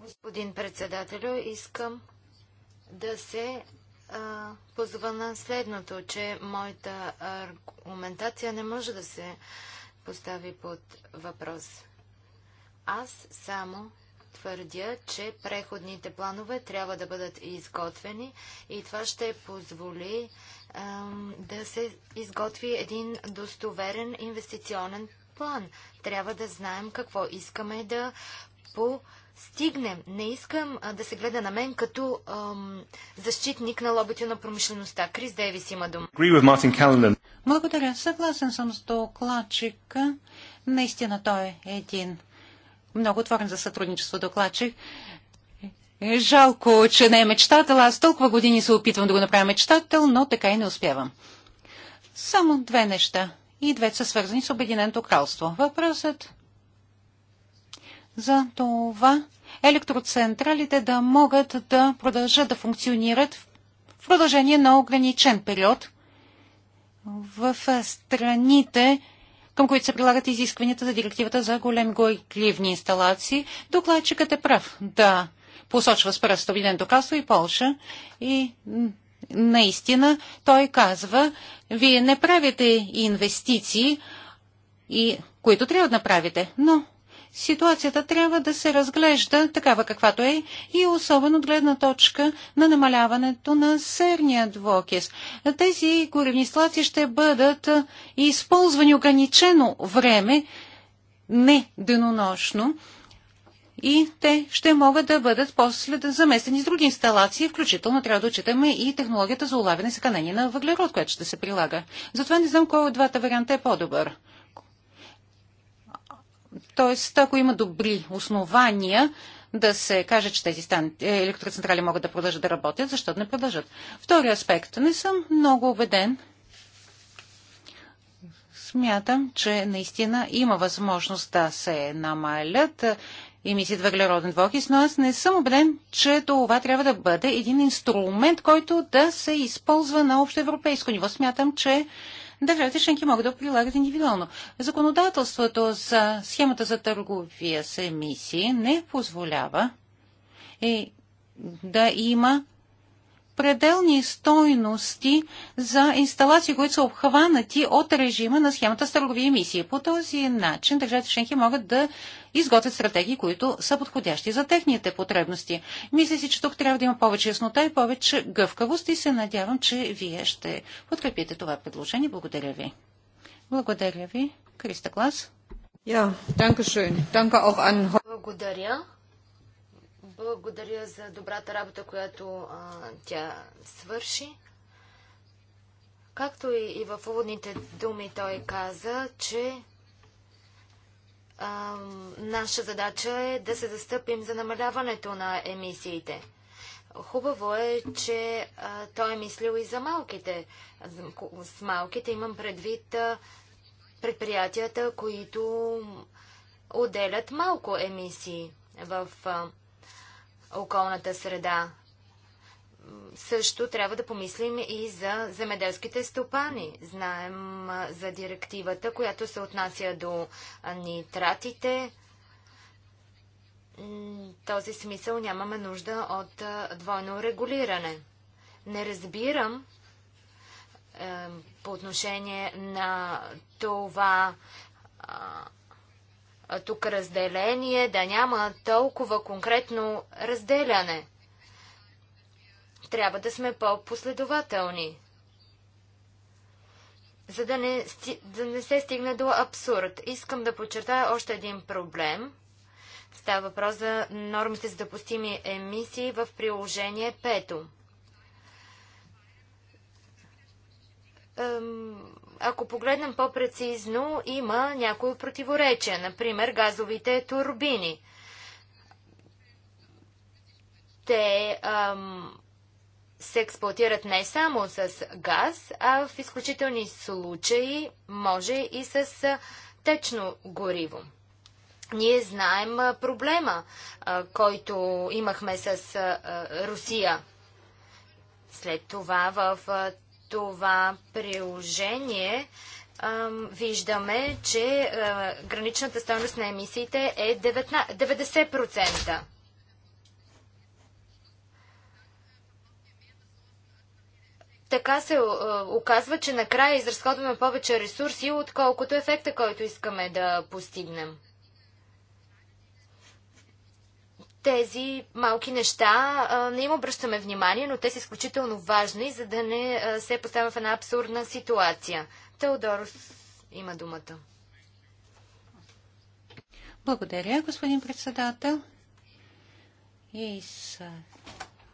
Господин председателю, искам да се позова на следното, че моята аргументация не може да се постави под въпрос. Аз само твърдя, че преходните планове трябва да бъдат изготвени и това ще позволи а, да се изготви един достоверен инвестиционен план. Трябва да знаем какво искаме да по стигнем. Не искам а, да се гледа на мен като ам, защитник на лобито на промишлеността. Крис Дейвис има дума. Благодаря. Съгласен съм с докладчика. Наистина той е един много отворен за сътрудничество докладчик. Е, жалко, че не е мечтател. Аз толкова години се опитвам да го направя мечтател, но така и не успявам. Само две неща. И двете са свързани с Обединеното кралство. Въпросът за това електроцентралите да могат да продължат да функционират в продължение на ограничен период в страните, към които се прилагат изискванията за директивата за големи горивни инсталации. Докладчикът е прав да посочва с пръст Обединеното кралство и Полша и наистина той казва, вие не правите инвестиции, и, които трябва да направите, но ситуацията трябва да се разглежда такава каквато е и особено гледна точка на намаляването на серния двокис. Тези горивни слаци ще бъдат използвани ограничено време, не денонощно, и те ще могат да бъдат после заместени с други инсталации, включително трябва да отчитаме и технологията за улавяне и съхранение на въглерод, която ще се прилага. Затова не знам кой от двата варианта е по-добър. Тоест, ако има добри основания да се каже, че тези е, електроцентрали могат да продължат да работят, защо да не продължат? Втори аспект. Не съм много убеден. Смятам, че наистина има възможност да се намалят е, емисиите въглероден двокис, но аз не съм убеден, че това трябва да бъде един инструмент, който да се използва на общо европейско ниво. Смятам, че държавите членки могат да прилагат индивидуално. Законодателството за схемата за търговия с емисии не позволява е, да има пределни стойности за инсталации, които са обхванати от режима на схемата с търгови емисии. По този начин държавите членки могат да изготвят стратегии, които са подходящи за техните потребности. Мисля си, че тук трябва да има повече яснота и повече гъвкавост и се надявам, че вие ще подкрепите това предложение. Благодаря ви. Благодаря ви. Криста Клас. Yeah, Благодаря. Благодаря за добрата работа, която а, тя свърши. Както и, и в уводните думи той каза, че а, наша задача е да се застъпим за намаляването на емисиите. Хубаво е, че а, той е мислил и за малките. С малките имам предвид а, предприятията, които отделят малко емисии в а, околната среда. Също трябва да помислим и за земеделските стопани. Знаем за директивата, която се отнася до нитратите. Този смисъл нямаме нужда от двойно регулиране. Не разбирам по отношение на това тук разделение, да няма толкова конкретно разделяне. Трябва да сме по-последователни, за да не, да не се стигне до абсурд. Искам да подчертая още един проблем. Става въпрос за нормите за допустими емисии в приложение 5 ако погледнем по-прецизно, има някои противоречия, например газовите турбини. Те ам, се експлуатират не само с газ, а в изключителни случаи може и с течно гориво. Ние знаем проблема, а, който имахме с а, Русия. След това в това приложение виждаме, че граничната стойност на емисиите е 90%. Така се оказва, че накрая изразходваме повече ресурси, отколкото ефекта, който искаме да постигнем. тези малки неща не им обръщаме внимание, но те са изключително важни, за да не се поставя в една абсурдна ситуация. Теодорос има думата. Благодаря, господин председател. И с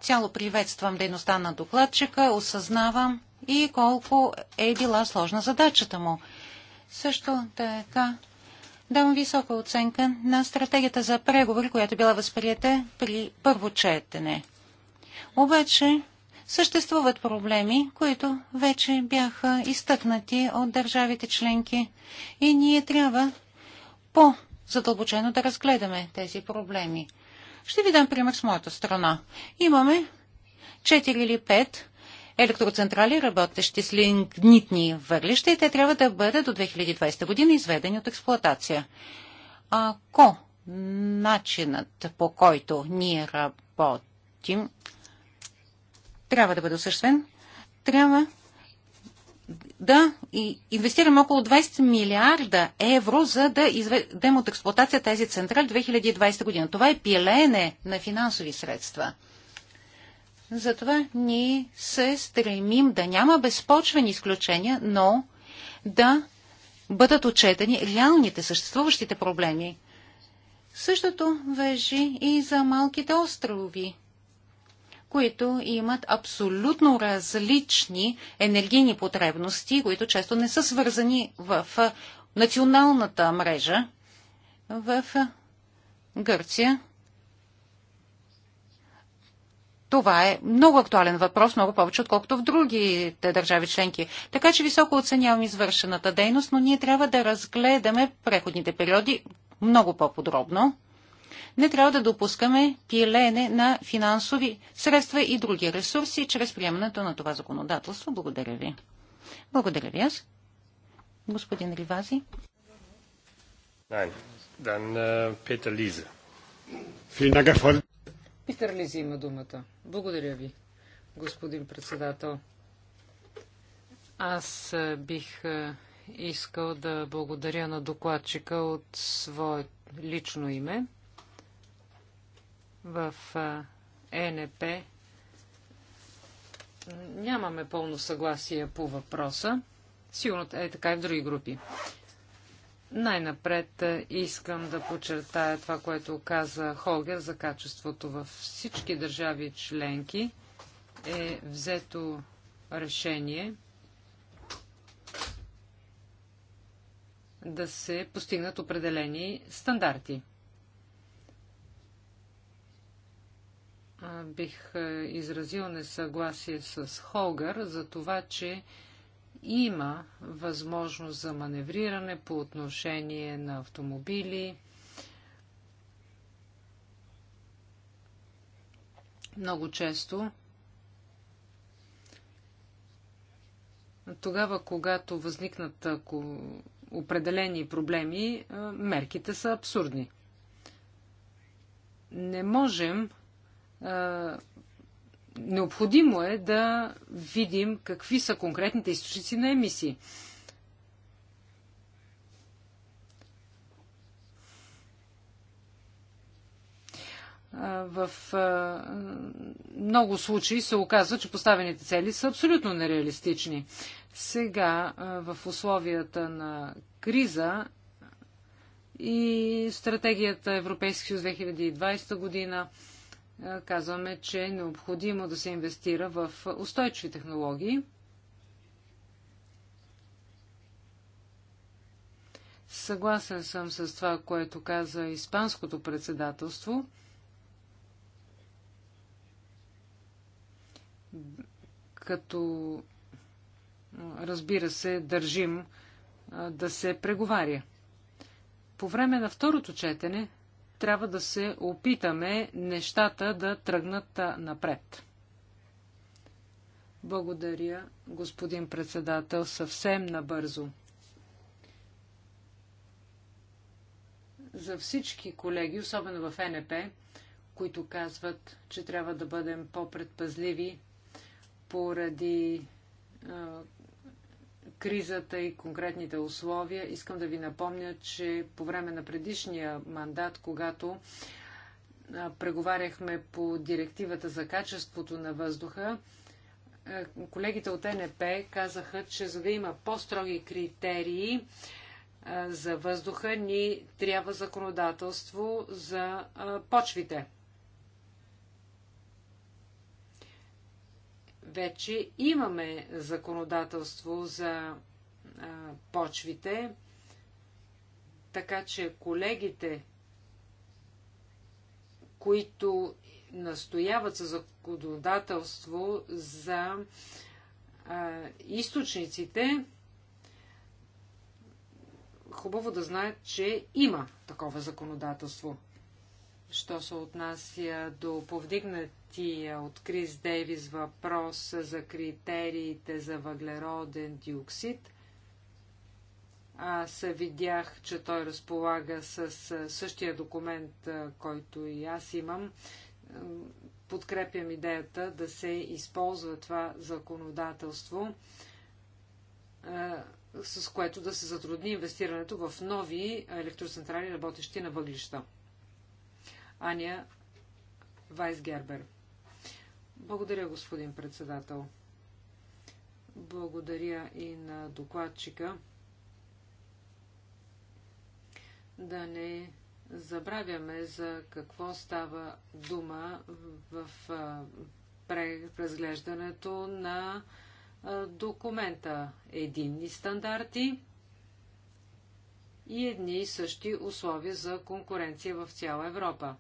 цяло приветствам дейността на докладчика, осъзнавам и колко е била сложна задачата му. Също така Давам висока оценка на стратегията за преговори, която била възприета при първо четене. Обаче съществуват проблеми, които вече бяха изтъкнати от държавите членки и ние трябва по-задълбочено да разгледаме тези проблеми. Ще ви дам пример с моята страна. Имаме 4 или 5 електроцентрали, работещи с лигнитни въглища и те трябва да бъдат до 2020 година изведени от експлоатация. Ако начинът по който ние работим трябва да бъде осъществен, трябва да инвестираме около 20 милиарда евро, за да изведем от експлуатация тези централи 2020 година. Това е пилене на финансови средства. Затова ние се стремим да няма безпочвени изключения, но да бъдат отчетени реалните съществуващите проблеми. Същото вежи и за малките острови, които имат абсолютно различни енергийни потребности, които често не са свързани в националната мрежа. В Гърция това е много актуален въпрос, много повече, отколкото в другите държави членки. Така че високо оценявам извършената дейност, но ние трябва да разгледаме преходните периоди много по-подробно. Не трябва да допускаме пилене на финансови средства и други ресурси чрез приемането на това законодателство. Благодаря ви. Благодаря ви аз. Господин Ривази. Nein, Петър Лиза. Э, Peter Liese. Питър Лизи има думата. Благодаря ви, господин председател. Аз бих искал да благодаря на докладчика от свое лично име. В ЕНП нямаме пълно съгласие по въпроса. Сигурно е така и в други групи. Най-напред е, искам да подчертая това, което каза Холгер за качеството във всички държави членки е взето решение да се постигнат определени стандарти. Бих е, изразил несъгласие с Холгър за това, че има възможност за маневриране по отношение на автомобили. Много често тогава, когато възникнат определени проблеми, е, мерките са абсурдни. Не можем е, необходимо е да видим какви са конкретните източници на емисии. в много случаи се оказва, че поставените цели са абсолютно нереалистични. Сега, в условията на криза и стратегията Европейски съюз 2020 година, е, казваме, че е необходимо да се инвестира в устойчиви технологии. Съгласен съм с това, което каза Испанското председателство. Като, разбира се, държим да се преговаря. По време на второто четене трябва да се опитаме нещата да тръгнат напред. Благодаря, господин председател, съвсем набързо. За всички колеги, особено в НП, които казват, че трябва да бъдем по-предпазливи поради кризата и конкретните условия, искам да ви напомня, че по време на предишния мандат, когато преговаряхме по директивата за качеството на въздуха, колегите от НП казаха, че за да има по-строги критерии за въздуха, ни трябва законодателство за почвите. вече имаме законодателство за почвите, така че колегите, които настояват за законодателство за а, източниците, хубаво да знаят, че има такова законодателство що се отнася до повдигнатия от Крис Дейвис въпрос за критериите за въглероден диоксид. Аз видях, че той разполага с същия документ, който и аз имам. Подкрепям идеята да се използва това законодателство, с което да се затрудни инвестирането в нови електроцентрали, работещи на въглища. Аня Вайсгербер. Благодаря, господин председател. Благодаря и на докладчика. Да не забравяме за какво става дума в преразглеждането на документа. Единни стандарти, и едни и същи условия за конкуренция в цяла Европа.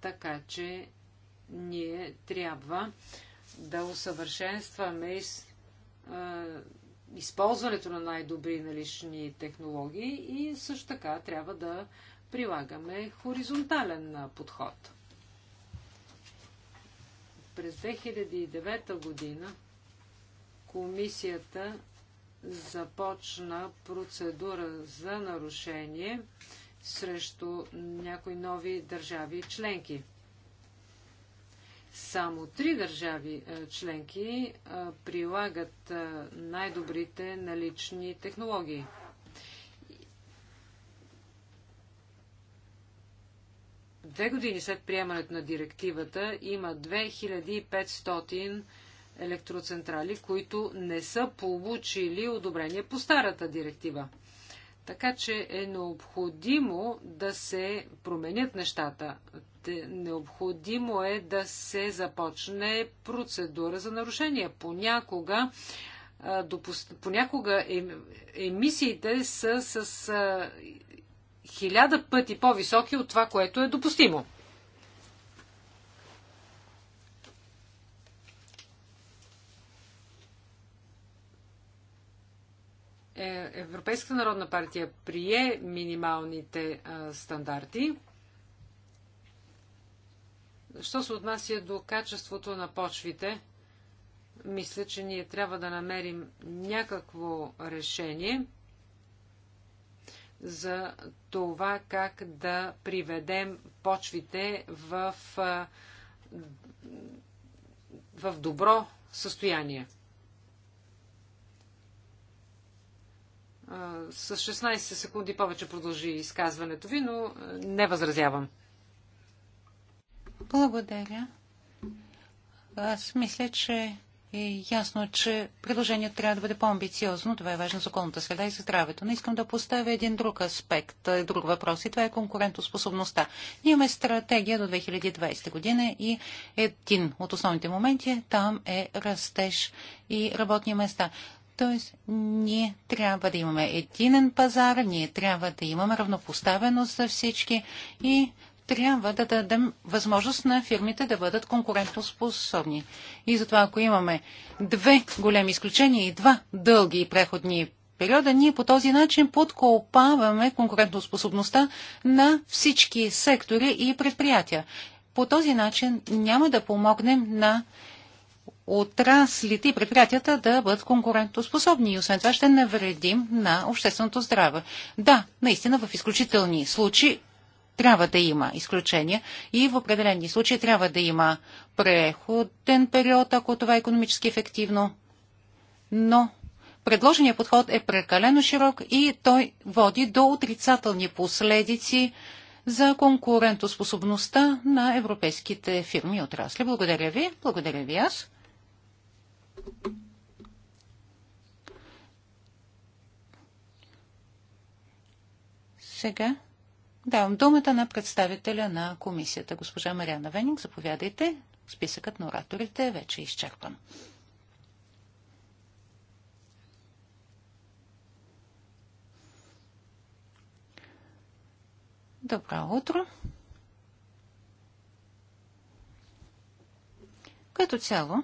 Така че ние трябва да усъвършенстваме използването на най-добри налични технологии и също така трябва да прилагаме хоризонтален подход. През 2009 година комисията започна процедура за нарушение срещу някои нови държави членки. Само три държави е, членки е, прилагат е, най-добрите налични технологии. Две години след приемането на директивата има 2500 електроцентрали, които не са получили одобрение по старата директива. Така че е необходимо да се променят нещата. Необходимо е да се започне процедура за нарушение. Понякога, допуст... Понякога емисиите са с хиляда пъти по-високи от това, което е допустимо. Е, Европейската народна партия прие минималните стандарти. Що се отнася до качеството на почвите, мисля, че ние трябва да намерим някакво решение за това как да приведем почвите в, в добро състояние. С 16 секунди повече продължи изказването ви, но не възразявам. Благодаря. Аз мисля, че е ясно, че предложението трябва да бъде по-амбициозно. Това е важно за околната среда и за здравето. Но искам да поставя един друг аспект, е, друг въпрос и това е конкурентоспособността. Ние имаме стратегия до 2020 година и един от основните моменти е там е растеж и работни места. Тоест, ние трябва да имаме единен пазар, ние трябва да имаме равнопоставеност за всички и трябва да дадем възможност на фирмите да бъдат конкурентоспособни. И затова, ако имаме две големи изключения и два дълги преходни периода, ние по този начин подкопаваме конкурентоспособността на всички сектори и предприятия. По този начин няма да помогнем на отраслите и предприятията да бъдат конкурентоспособни и освен това ще навредим на общественото здраве. Да, наистина в изключителни случаи трябва да има изключения и в определени случаи трябва да има преходен период, ако това е економически ефективно. Но предложения подход е прекалено широк и той води до отрицателни последици за конкурентоспособността на европейските фирми и отрасли. Благодаря ви. Благодаря ви аз. Сега давам думата на представителя на комисията, госпожа Мариана Веник. Заповядайте. Списъкът на ораторите е вече изчерпан. Добро утро! Като цяло,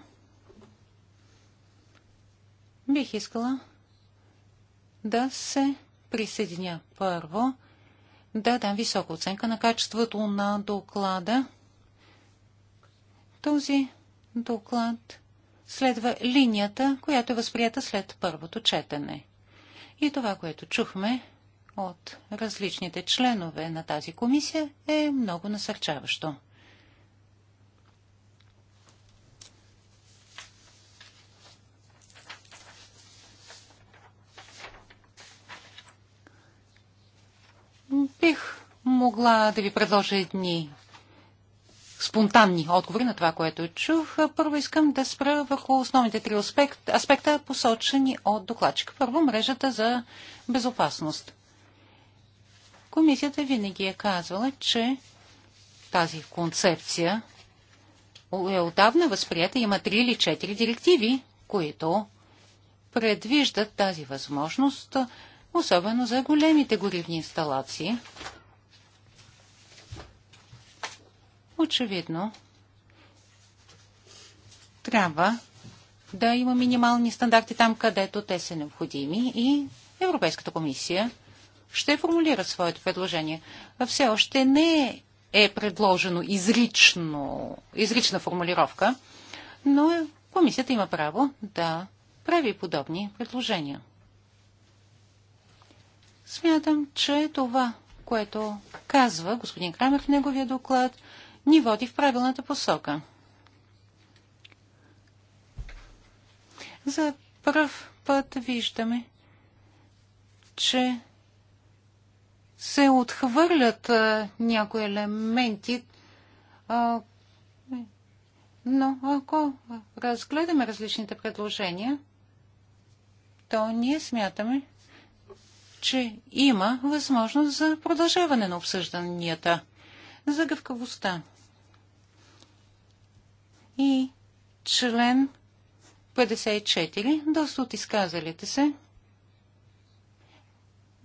Бих искала да се присъединя първо, да дам висока оценка на качеството на доклада. Този доклад следва линията, която е възприята след първото четене. И това, което чухме от различните членове на тази комисия, е много насърчаващо. Бих могла да ви предложа едни спонтанни отговори на това, което чух. Първо искам да спра върху основните три аспект, аспекта, посочени от докладчика. Първо, мрежата за безопасност. Комисията винаги е казвала, че тази концепция е отдавна възприята. Има три или четири директиви, които предвиждат тази възможност особено за големите горивни инсталации. Очевидно, трябва да има минимални стандарти там, където те са необходими и Европейската комисия ще формулира своето предложение. Все още не е предложено изрично, изрична формулировка, но комисията има право да прави подобни предложения. Смятам, че това, което казва господин Крамер в неговия доклад, ни води в правилната посока. За пръв път виждаме, че се отхвърлят а, някои елементи, а, но ако разгледаме различните предложения, то ние смятаме, че има възможност за продължаване на обсъжданията, за гъвкавостта. И член 54, доста от изказалите се,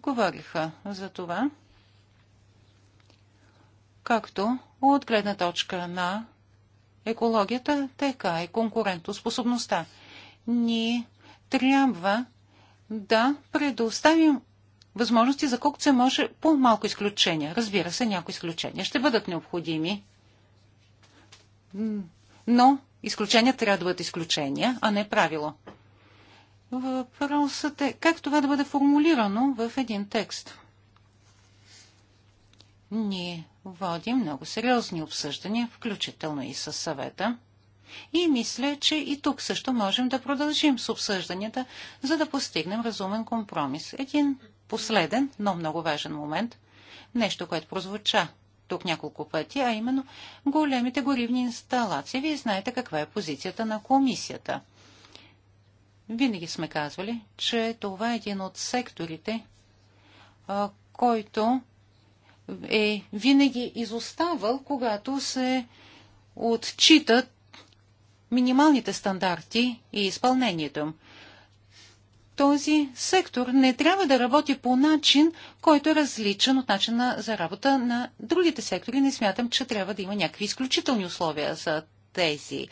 говориха за това, както от гледна точка на екологията, така и конкурентоспособността. Ние трябва да предоставим възможности за колкото се може по-малко изключения. Разбира се, някои изключения ще бъдат необходими. Но изключения трябва да бъдат изключения, а не правило. Въпросът е как това да бъде формулирано в един текст. Ние водим много сериозни обсъждания, включително и със съвета. И мисля, че и тук също можем да продължим с обсъжданията, за да постигнем разумен компромис. Един последен, но много важен момент. Нещо, което прозвуча тук няколко пъти, а именно големите горивни инсталации. Вие знаете каква е позицията на комисията. Винаги сме казвали, че това е един от секторите, който е винаги изоставал, когато се отчитат минималните стандарти и изпълнението им този сектор не трябва да работи по начин, който е различен от начина за работа на другите сектори. Не смятам, че трябва да има някакви изключителни условия за тези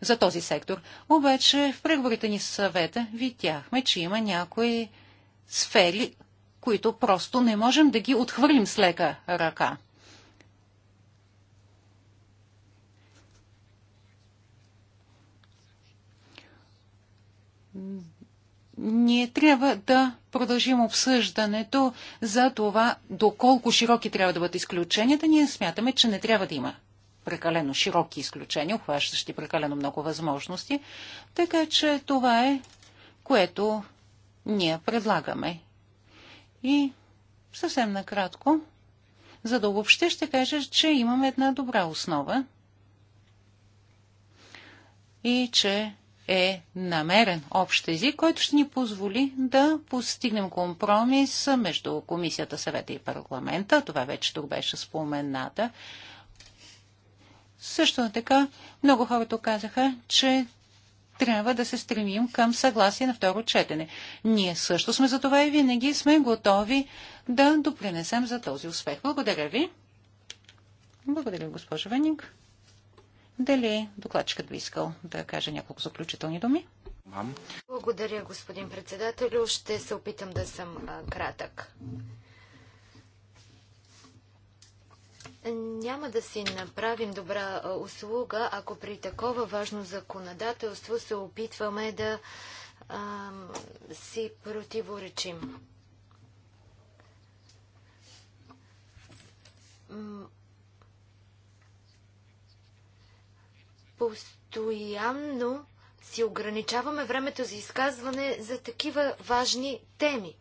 за този сектор. Обаче в преговорите ни с съвета видяхме, че има някои сфери, които просто не можем да ги отхвърлим с лека ръка ние трябва да продължим обсъждането за това доколко широки трябва да бъдат изключенията. Ние смятаме, че не трябва да има прекалено широки изключения, обхващащи прекалено много възможности. Така че това е, което ние предлагаме. И съвсем накратко, за да обобщя, ще кажа, че имаме една добра основа и че е намерен общ език, който ще ни позволи да постигнем компромис между Комисията, съвета и парламента. Това вече тук беше спомената. Също така, много хората казаха, че трябва да се стремим към съгласие на второ четене. Ние също сме за това и винаги сме готови да допринесем за този успех. Благодаря ви. Благодаря, госпожо Веник. Дали докладчикът би искал да каже няколко заключителни думи? Мам. Благодаря, господин председател. Ще се опитам да съм а, кратък. Няма да си направим добра услуга, ако при такова важно законодателство се опитваме да а, си противоречим Постоянно си ограничаваме времето за изказване за такива важни теми.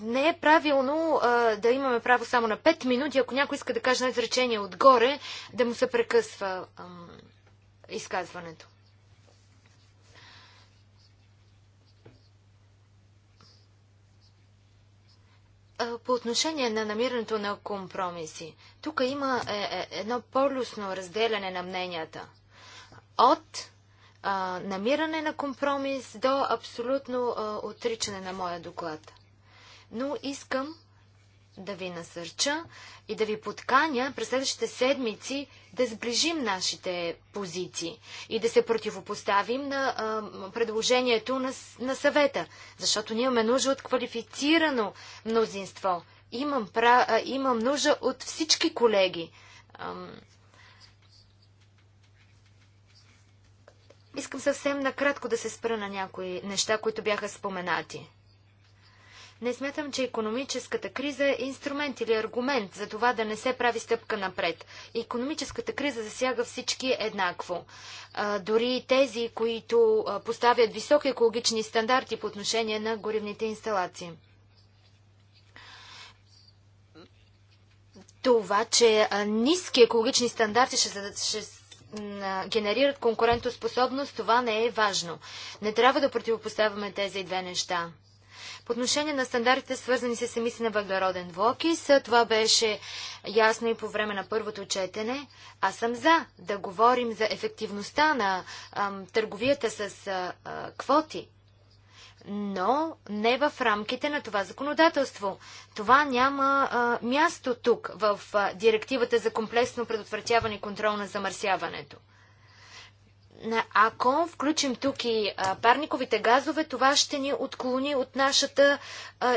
Не е правилно а, да имаме право само на 5 минути. Ако някой иска да каже на изречение отгоре, да му се прекъсва а, изказването. По отношение на намирането на компромиси, тук има е, е, едно полюсно разделяне на мненията. От а, намиране на компромис до абсолютно а, отричане на моя доклад. Но искам да ви насърча и да ви подканя през следващите седмици да сближим нашите позиции и да се противопоставим на а, предложението на, на съвета, защото ние имаме нужда от квалифицирано мнозинство. Имам, пра, а, имам нужда от всички колеги. искам съвсем накратко да се спра на някои неща, които бяха споменати. Не смятам, че економическата криза е инструмент или аргумент за това да не се прави стъпка напред. Економическата криза засяга всички еднакво. дори и тези, които поставят високи екологични стандарти по отношение на горивните инсталации. Това, че ниски екологични стандарти ще, ще генерират конкурентоспособност, това не е важно. Не трябва да противопоставяме тези две неща. По отношение на стандартите, свързани с емисии на въглероден двуокис, това беше ясно и по време на първото четене. Аз съм за да говорим за ефективността на ам, търговията с а, а, квоти, но не в рамките на това законодателство. Това няма а, място тук в а, директивата за комплексно предотвратяване и контрол на замърсяването. Ако включим тук и парниковите газове, това ще ни отклони от нашата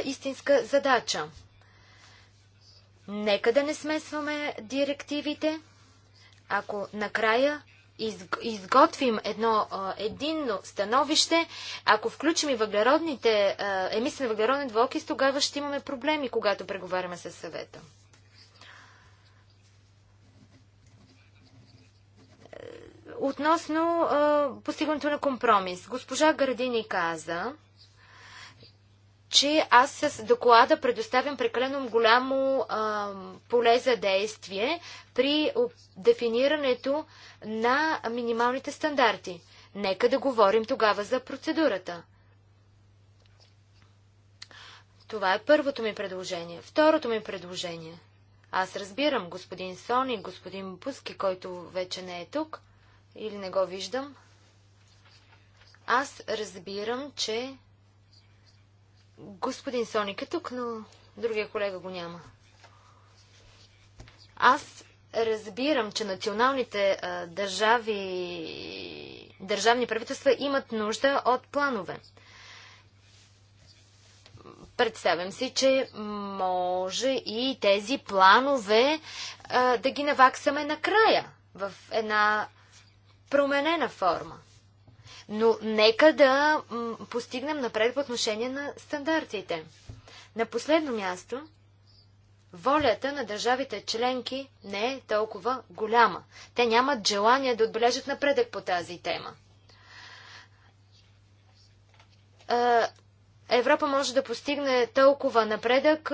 истинска задача. Нека да не смесваме директивите. Ако накрая изготвим едно единно становище, ако включим и въглеродните, емисии на въглероден двуокис, тогава ще имаме проблеми, когато преговаряме с съвета. Относно а, постигането на компромис, госпожа Гардини каза, че аз с доклада предоставям прекалено голямо а, поле за действие при дефинирането на минималните стандарти. Нека да говорим тогава за процедурата. Това е първото ми предложение. Второто ми предложение. Аз разбирам господин Сони, господин Буски, който вече не е тук или не го виждам. Аз разбирам, че господин Соник е тук, но другия колега го няма. Аз разбирам, че националните а, държави, държавни правителства имат нужда от планове. Представям си, че може и тези планове а, да ги наваксаме накрая в една променена форма. Но нека да постигнем напред по отношение на стандартите. На последно място, волята на държавите членки не е толкова голяма. Те нямат желание да отбележат напредък по тази тема. Европа може да постигне толкова напредък,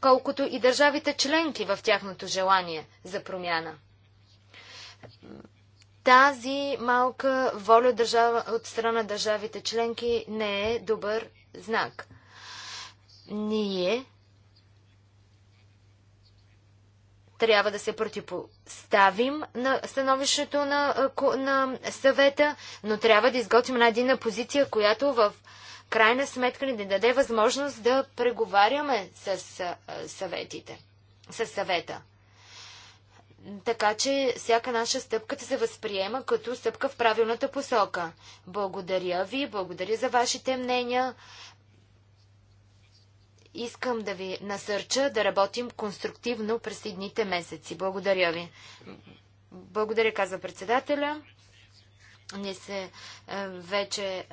колкото и държавите членки в тяхното желание за промяна. Тази малка воля държава, от страна на държавите членки не е добър знак. Ние трябва да се противопоставим на становището на, на съвета, но трябва да изготвим една единна позиция, която в крайна сметка ни да даде възможност да преговаряме с съветите, с съвета. Така че всяка наша стъпка да се възприема като стъпка в правилната посока. Благодаря ви, благодаря за вашите мнения. Искам да ви насърча да работим конструктивно през едните месеци. Благодаря ви. Благодаря, каза председателя. Ние се е, вече е,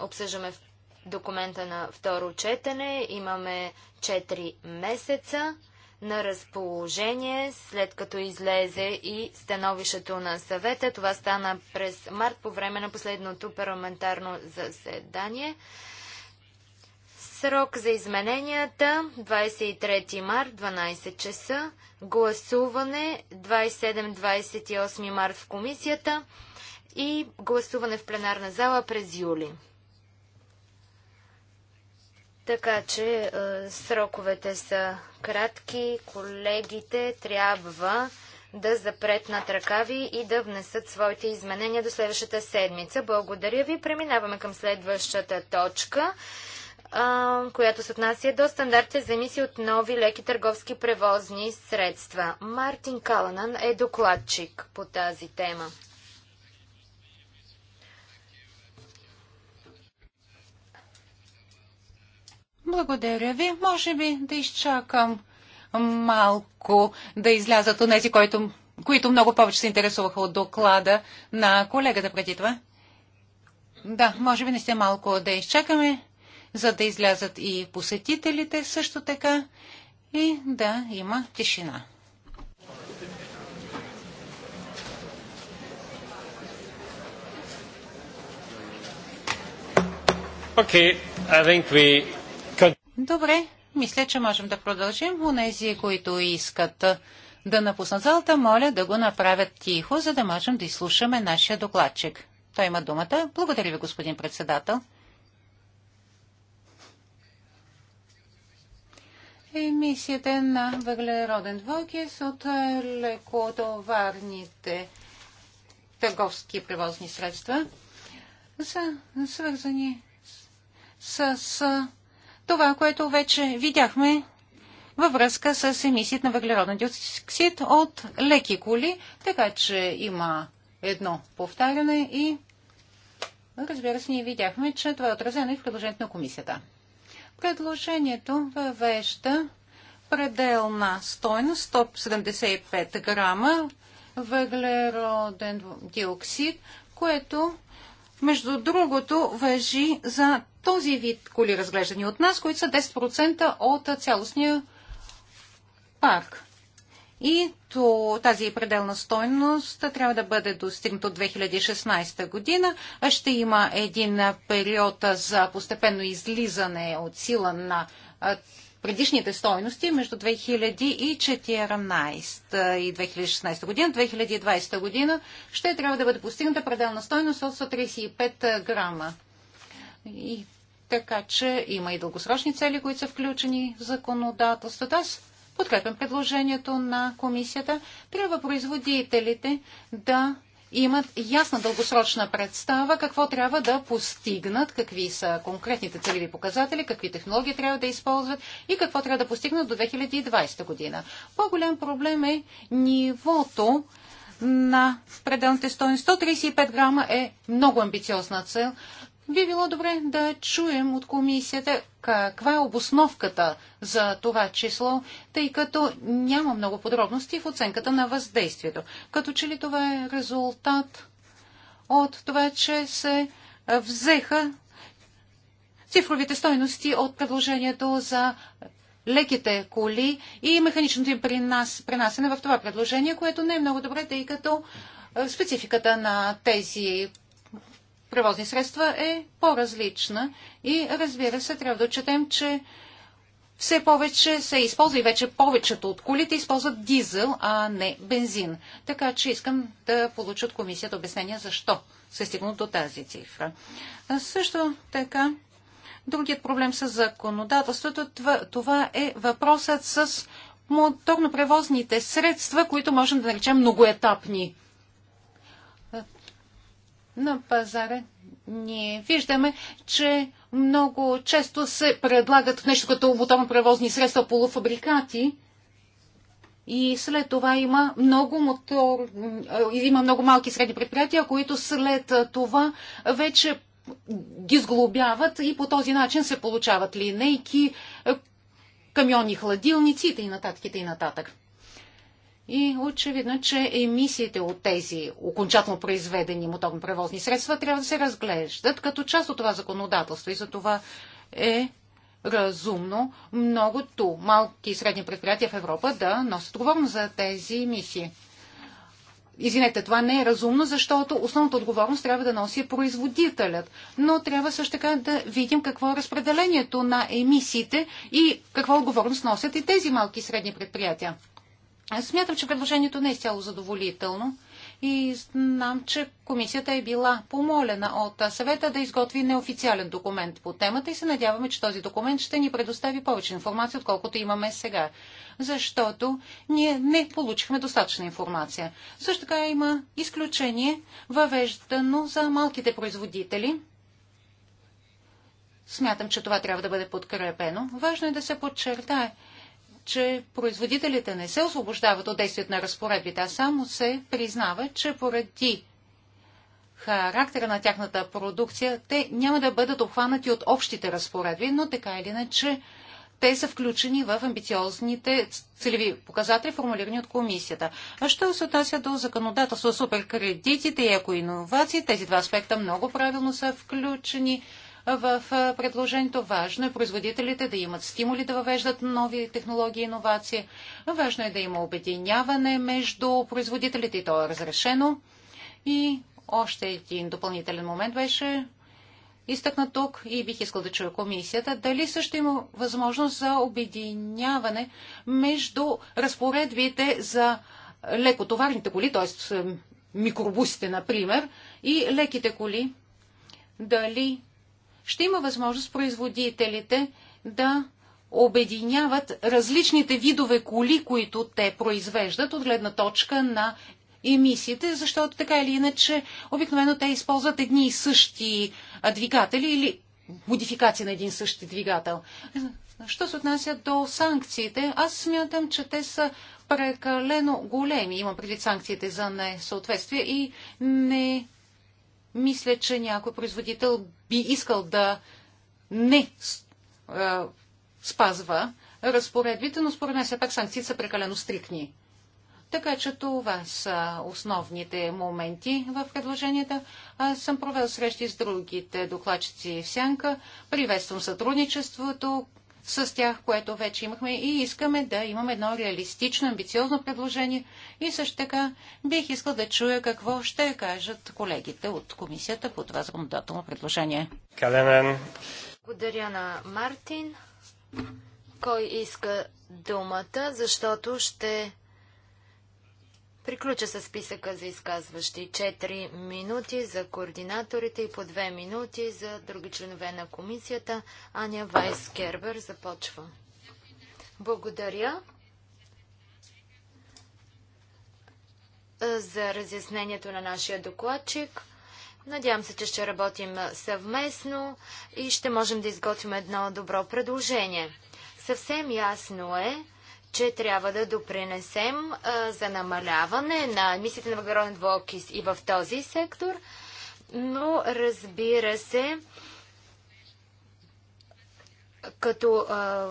обсъждаме в документа на второ четене. Имаме 4 месеца на разположение, след като излезе и становището на съвета. Това стана през март по време на последното парламентарно заседание. Срок за измененията 23 март 12 часа. Гласуване 27-28 март в комисията и гласуване в пленарна зала през юли. Така че сроковете са кратки, колегите трябва да запретнат ръкави и да внесат своите изменения до следващата седмица. Благодаря ви. Преминаваме към следващата точка, която се отнася до стандартите за емисии от нови леки търговски превозни средства. Мартин Каланан е докладчик по тази тема. Благодаря ви. Може би да изчакам малко да излязат от тези, които, които много повече се интересуваха от доклада на колегата преди това. Да, може би не сте малко да изчакаме, за да излязат и посетителите също така и да има тишина. Okay, I think we Добре, мисля, че можем да продължим. Унези, които искат да напуснат залата, моля да го направят тихо, за да можем да изслушаме нашия докладчик. Той има думата. Благодаря ви, господин председател. Емисията на въглероден двокис от лекотоварните търговски превозни средства са свързани с, с това, което вече видяхме във връзка с емисиите на въглероден диоксид от леки коли, така че има едно повтаряне и разбира се, ние видяхме, че това е отразено и в предложението на комисията. Предложението въвежда пределна стойност 175 грама въглероден диоксид, което между другото въжи за този вид коли разглеждани от нас, които са 10% от цялостния парк. И то, тази пределна стойност трябва да бъде достигната от 2016 година. Ще има един период за постепенно излизане от сила на предишните стойности между 2014 и 2016 година. 2020 година ще трябва да бъде постигната пределна стойност от 135 грама. И така че има и дългосрочни цели, които са включени в законодателството. Аз подкрепям предложението на комисията. Трябва производителите да имат ясна дългосрочна представа какво трябва да постигнат, какви са конкретните целеви показатели, какви технологии трябва да използват и какво трябва да постигнат до 2020 година. По-голям проблем е нивото на пределните стоени 135 грама е много амбициозна цел, би било добре да чуем от комисията каква е обосновката за това число, тъй като няма много подробности в оценката на въздействието. Като че ли това е резултат от това, че се взеха цифровите стойности от предложението за леките коли и механичното им пренасене в това предложение, което не е много добре, тъй като е, спецификата на тези превозни средства е по-различна и разбира се, трябва да четем, че все повече се използва и вече повечето от колите използват дизел, а не бензин. Така че искам да получа от комисията обяснение защо се е стигна до тази цифра. А също така, другият проблем с законодателството, това е въпросът с моторно-превозните средства, които можем да наречем многоетапни на пазара ние виждаме, че много често се предлагат нещо като моторно превозни средства, полуфабрикати и след това има много мотор, е, има много малки и средни предприятия, които след е, това вече ги сглобяват и по този начин се получават линейки, е, камиони, хладилници и нататък, и нататък. И очевидно, че емисиите от тези окончателно произведени моторни превозни средства трябва да се разглеждат като част от това законодателство. И за това е разумно многото малки и средни предприятия в Европа да носят отговорност за тези емисии. Извинете, това не е разумно, защото основната отговорност трябва да носи производителят. Но трябва също така да видим какво е разпределението на емисиите и каква отговорност носят и тези малки и средни предприятия. Аз смятам, че предложението не е изцяло задоволително и знам, че комисията е била помолена от съвета да изготви неофициален документ по темата и се надяваме, че този документ ще ни предостави повече информация, отколкото имаме сега, защото ние не получихме достатъчна информация. Също така има изключение, въвеждано за малките производители. Смятам, че това трябва да бъде подкрепено. Важно е да се подчертае, че производителите не се освобождават от действието на разпоредбите, а само се признава, че поради характера на тяхната продукция, те няма да бъдат обхванати от общите разпоредби, но така или иначе те са включени в амбициозните целеви показатели, формулирани от комисията. А що се отнася до законодателство, суперкредитите и екоинновации, тези два аспекта много правилно са включени в предложението. Важно е производителите да имат стимули да въвеждат нови технологии и иновации. Важно е да има обединяване между производителите и то е разрешено. И още един допълнителен момент беше изтъкнат тук и бих искал да чуя комисията, дали също има възможност за обединяване между разпоредбите за лекотоварните коли, т.е. микробусите, например, и леките коли, дали ще има възможност производителите да обединяват различните видове коли, които те произвеждат от гледна точка на емисиите, защото така или иначе обикновено те използват едни и същи двигатели или модификация на един същи двигател. Що се отнася до санкциите, аз смятам, че те са прекалено големи. Има предвид санкциите за несъответствие и не мисля, че някой производител би искал да не спазва разпоредбите, но според мен все пак санкциите са прекалено стрикни. Така че това са основните моменти в предложенията. Аз съм провел срещи с другите докладчици в Сянка. Приветствам сътрудничеството, с тях, което вече имахме и искаме да имаме едно реалистично, амбициозно предложение и също така бих искал да чуя какво ще кажат колегите от комисията по това законодателно предложение. Калемен. Благодаря на Мартин. Кой иска думата, защото ще Приключа с списъка за изказващи 4 минути за координаторите и по 2 минути за други членове на комисията. Аня Вайс Кербер започва. Благодаря за разяснението на нашия докладчик. Надявам се, че ще работим съвместно и ще можем да изготвим едно добро предложение. Съвсем ясно е, че трябва да допринесем а, за намаляване на емисиите на въглероден двуокис и в този сектор, но разбира се, като а,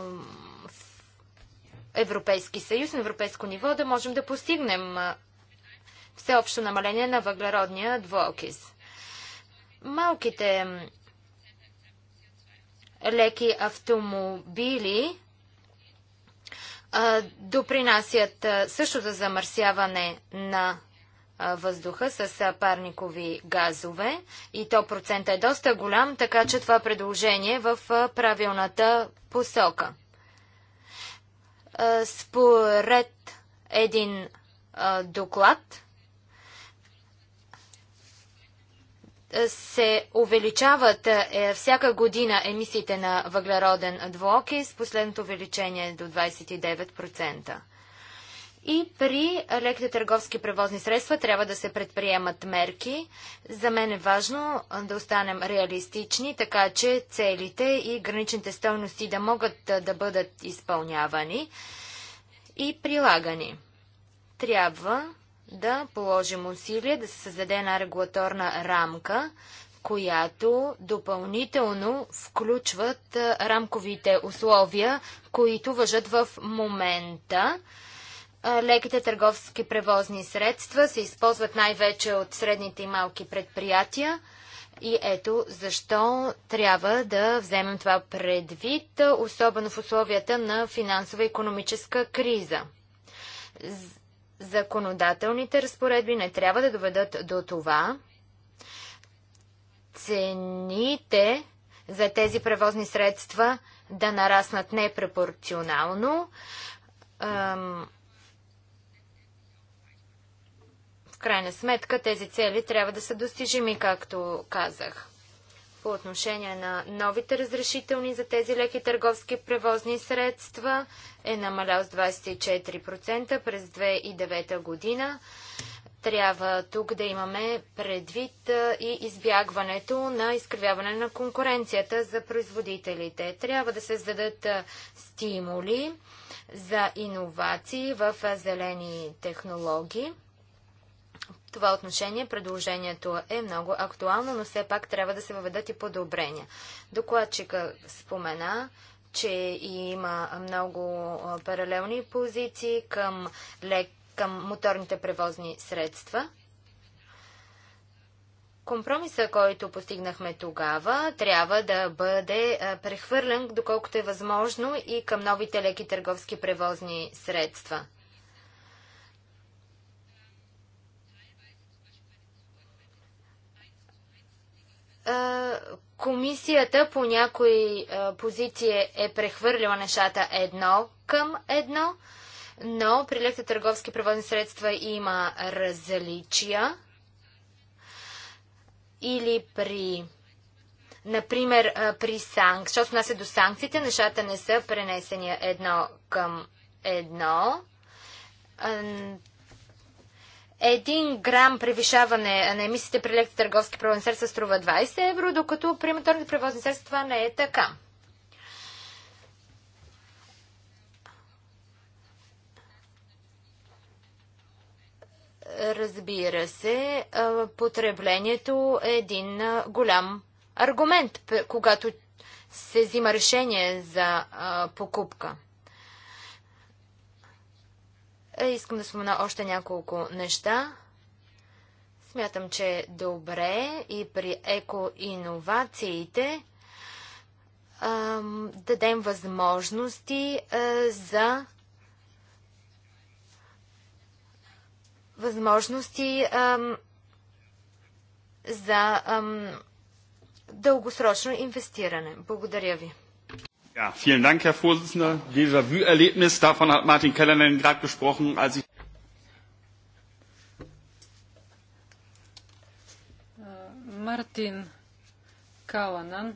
Европейски съюз, на европейско ниво, да можем да постигнем всеобщо намаление на въглеродния двуокис. Малките леки автомобили допринасят също за замърсяване на въздуха с парникови газове и то процента е доста голям, така че това предложение е в правилната посока. Според един доклад, се увеличават е, всяка година емисиите на въглероден двуокис, последното увеличение е до 29%. И при леките търговски превозни средства трябва да се предприемат мерки. За мен е важно да останем реалистични, така че целите и граничните стойности да могат да бъдат изпълнявани и прилагани. Трябва да положим усилия да се създаде една регулаторна рамка, която допълнително включват рамковите условия, които въжат в момента. Леките търговски превозни средства се използват най-вече от средните и малки предприятия. И ето защо трябва да вземем това предвид, особено в условията на финансова и економическа криза. Законодателните разпоредби не трябва да доведат до това цените за тези превозни средства да нараснат непропорционално. В крайна сметка тези цели трябва да са достижими, както казах по отношение на новите разрешителни за тези леки търговски превозни средства е намалял с 24% през 2009 година. Трябва тук да имаме предвид и избягването на изкривяване на конкуренцията за производителите. Трябва да се зададат стимули за иновации в зелени технологии това отношение предложението е много актуално, но все пак трябва да се въведат и подобрения. Докладчика спомена, че има много паралелни позиции към, лек, към моторните превозни средства. Компромиса, който постигнахме тогава, трябва да бъде прехвърлен, доколкото е възможно, и към новите леки търговски превозни средства – комисията по някои позиции е прехвърлила нещата едно към едно, но при лекта търговски превозни средства има различия. Или при, например, при санкции, защото нас е до санкциите, нещата не са пренесени едно към едно един грам превишаване на емисиите при леките търговски превозни средства струва 20 евро, докато при моторните превозни средства това не е така. Разбира се, потреблението е един голям аргумент, когато се взима решение за покупка. Е, искам да спомена още няколко неща. Смятам, че е добре и при екоинновациите дадем възможности е, за възможности за дългосрочно инвестиране. Благодаря ви. Ja, vielen Dank, Herr Vorsitzender. Déjà-vu-Erlebnis, davon hat Martin Kellermann gerade gesprochen, als ich. Мартин Каланан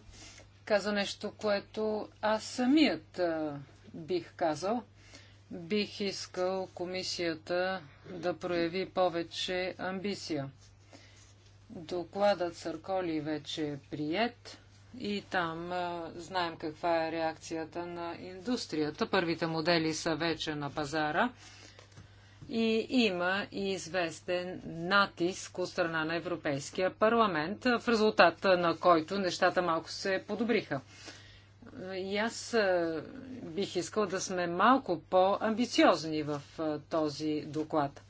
каза нещо, което аз самият а, бих казал. Бих искал комисията да прояви повече амбиция. Докладът Сърколи вече е прият и там а, знаем каква е реакцията на индустрията. Първите модели са вече на пазара и има и известен натиск от страна на Европейския парламент, в резултат на който нещата малко се подобриха. И аз бих искал да сме малко по-амбициозни в този доклад.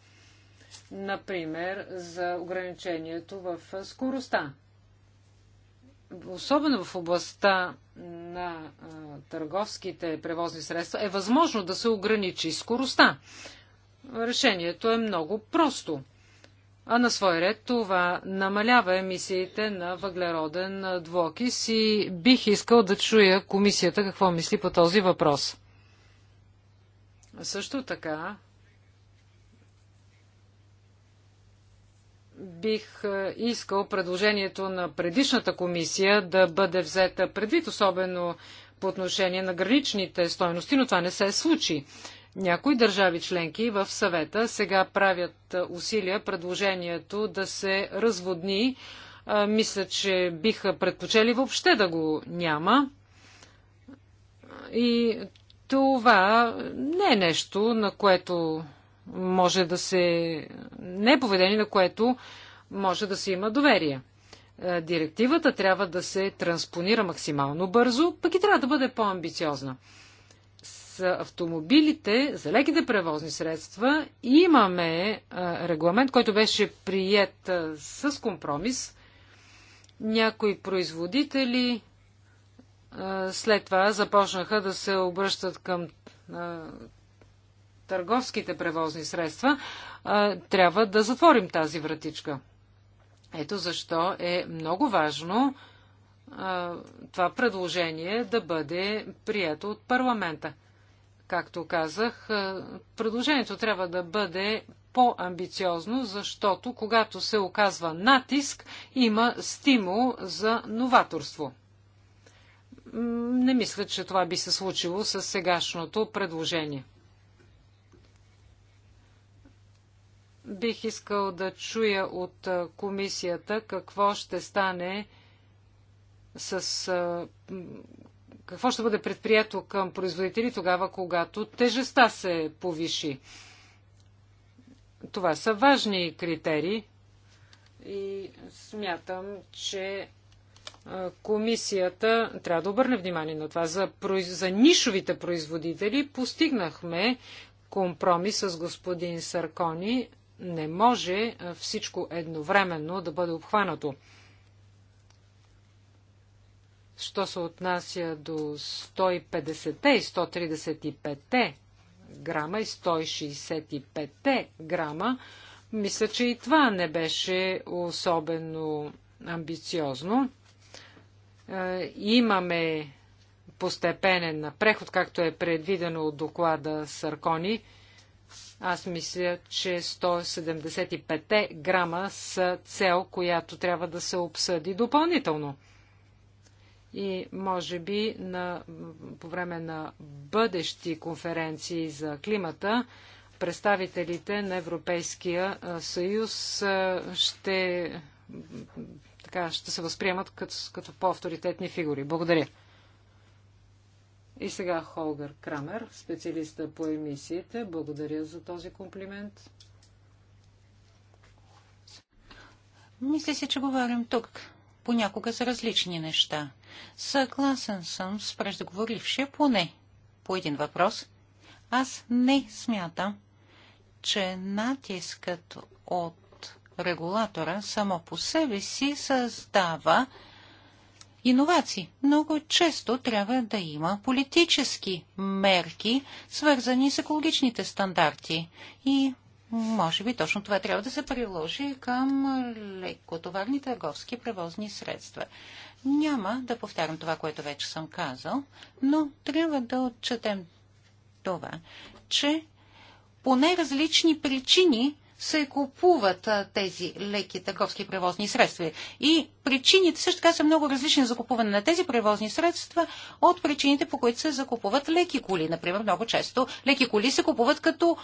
Например, за ограничението в скоростта особено в областта на а, търговските превозни средства, е възможно да се ограничи скоростта. Решението е много просто. А на свой ред това намалява емисиите на въглероден двокис и бих искал да чуя комисията какво мисли по този въпрос. Също така бих е, искал предложението на предишната комисия да бъде взета предвид, особено по отношение на граничните стойности, но това не се случи. Някои държави членки в съвета сега правят е, усилия предложението да се разводни. Е, мисля, че биха предпочели въобще да го няма. И това не е нещо, на което може да се... не е поведение, на което може да се има доверие. Е, директивата трябва да се транспонира максимално бързо, пък и трябва да бъде по-амбициозна. С автомобилите, за леките превозни средства, имаме е, регламент, който беше прият е, с компромис. Някои производители след това започнаха да се обръщат към търговските превозни средства, трябва да затворим тази вратичка. Ето защо е много важно това предложение да бъде прието от парламента. Както казах, предложението трябва да бъде по-амбициозно, защото когато се оказва натиск, има стимул за новаторство. Не мисля, че това би се случило с сегашното предложение. Бих искал да чуя от комисията какво ще стане с какво ще бъде предприето към производители тогава, когато тежестта се повиши. Това са важни критерии и смятам, че комисията трябва да обърне внимание на това. За, за нишовите производители постигнахме компромис с господин Саркони не може е, всичко едновременно да бъде обхванато. Що се отнася до 150 и 135 грама и 165 грама, мисля, че и това не беше особено амбициозно. Е, имаме постепенен преход, както е предвидено от доклада Саркони – аз мисля, че 175 грама са цел, която трябва да се обсъди допълнително. И може би на, по време на бъдещи конференции за климата, представителите на Европейския съюз ще, така, ще се възприемат като, като по-авторитетни фигури. Благодаря. И сега Холгър Крамер, специалиста по емисиите. Благодаря за този комплимент. Мисля си, че говорим тук понякога за различни неща. Съгласен съм с преждеговорившия поне по един въпрос. Аз не смятам, че натискът от регулатора само по себе си създава иновации. Много често трябва да има политически мерки, свързани с екологичните стандарти. И може би точно това трябва да се приложи към лекотоварни търговски превозни средства. Няма да повтарям това, което вече съм казал, но трябва да отчетем това, че по най-различни причини се купуват а, тези леки търговски превозни средства. И причините също така са много различни за купуване на тези превозни средства от причините, по които се закупуват леки коли. Например, много често леки коли се купуват като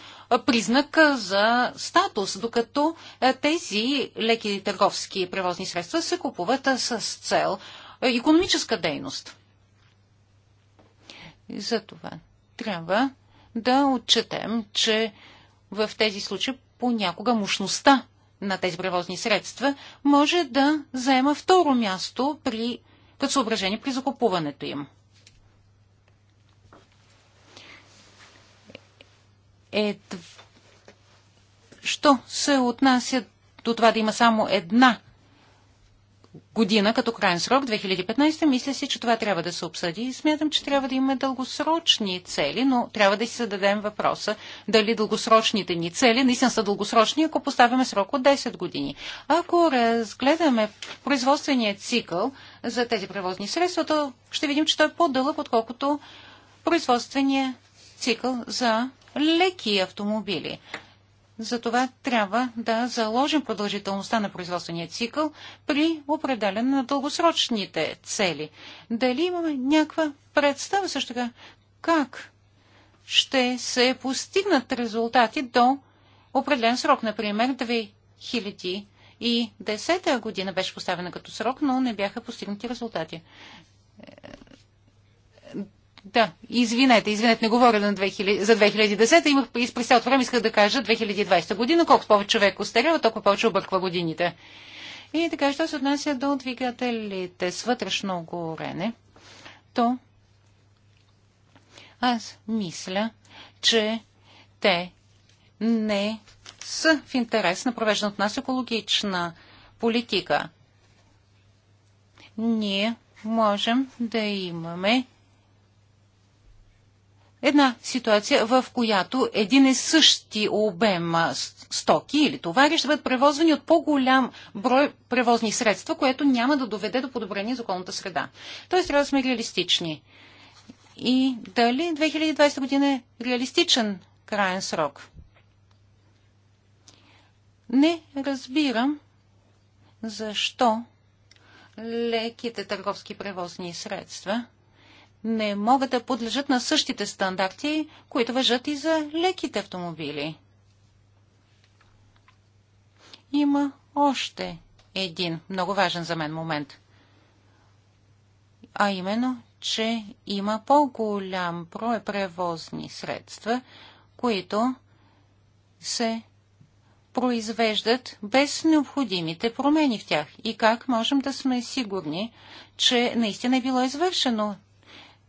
признак за статус, докато тези леки търговски превозни средства се купуват с цел економическа дейност. И за това трябва да отчетем, че в тези случаи понякога мощността на тези превозни средства може да заема второ място при, като съображение при закупуването им. Ед... Що се отнася до това да има само една година като крайен срок, 2015, мисля си, че това трябва да се обсъди и смятам, че трябва да имаме дългосрочни цели, но трябва да си зададем въпроса дали дългосрочните ни цели наистина са дългосрочни, ако поставяме срок от 10 години. Ако разгледаме производствения цикъл за тези превозни средства, то ще видим, че той е по-дълъг, отколкото производствения цикъл за леки автомобили. Затова трябва да заложим продължителността на производствения цикъл при определен на дългосрочните цели. Дали имаме някаква представа също така как ще се постигнат резултати до определен срок, например 2010 година беше поставена като срок, но не бяха постигнати резултати. Да, извинете, извинете, не говоря на 2000, за 2010, имах през, през цялото време исках да кажа 2020 година, колко повече човек остарява, толкова повече обърква годините. И така, що се отнася до двигателите с вътрешно горене, то аз мисля, че те не са в интерес на провеждана от нас екологична политика. Ние можем да имаме една ситуация, в която един и същи обем стоки или товари ще бъдат превозвани от по-голям брой превозни средства, което няма да доведе до подобрение за околната среда. Тоест трябва да сме реалистични. И дали 2020 година е реалистичен крайен срок? Не разбирам защо леките търговски превозни средства – не могат да подлежат на същите стандарти, които въжат и за леките автомобили. Има още един много важен за мен момент. А именно, че има по-голям брой превозни средства, които се произвеждат без необходимите промени в тях и как можем да сме сигурни, че наистина е било извършено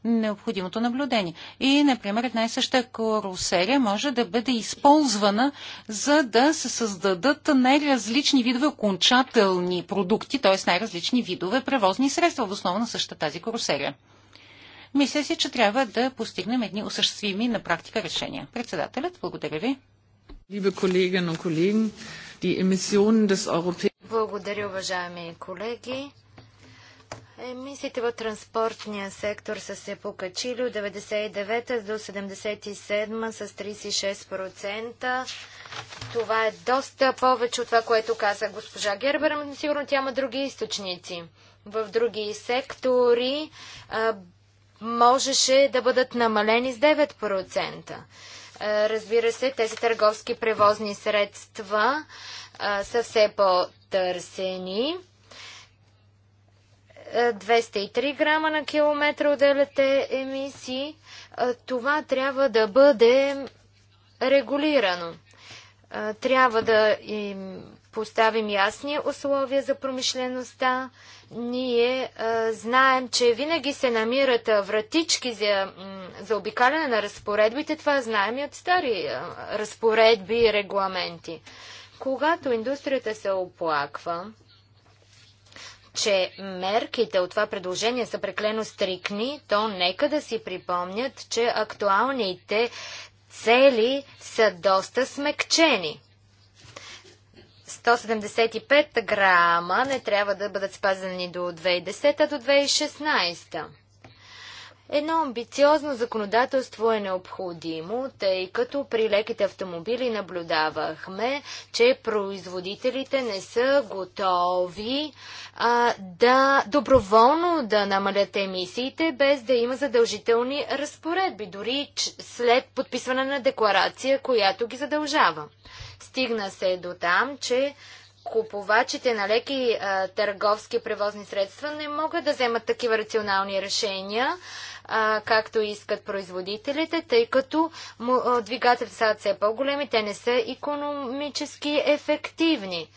необходимото наблюдение. И, например, една и съща карусерия може да бъде използвана, за да се създадат най-различни видове окончателни продукти, т.е. най-различни видове превозни средства в основа на същата тази карусерия. Мисля си, че трябва да постигнем едни осъществими на практика решения. Председателят, благодаря ви. Благодаря, уважаеми колеги. Емисиите в транспортния сектор са се покачили от 99 до 77 с 36%. Това е доста повече от това, което каза госпожа Гербер, но сигурно тя има други източници. В други сектори а, можеше да бъдат намалени с 9%. А, разбира се, тези търговски превозни средства а, са все по-търсени. 203 грама на километър отделяте емисии. Това трябва да бъде регулирано. Трябва да им поставим ясни условия за промишлеността. Ние а, знаем, че винаги се намират а, вратички за, за обикаляне на разпоредбите. Това знаем и от стари а, разпоредби и регламенти. Когато индустрията се оплаква, че мерките от това предложение са преклено стрикни, то нека да си припомнят, че актуалните цели са доста смекчени. 175 грама не трябва да бъдат спазени до 2010 до 2016. Едно амбициозно законодателство е необходимо, тъй като при леките автомобили наблюдавахме, че производителите не са готови а, да доброволно да намалят емисиите, без да има задължителни разпоредби, дори след подписване на декларация, която ги задължава. Стигна се до там, че купувачите на леки а, търговски превозни средства не могат да вземат такива рационални решения а, както искат производителите, тъй като двигателите са все по-големи, те не са економически ефективни.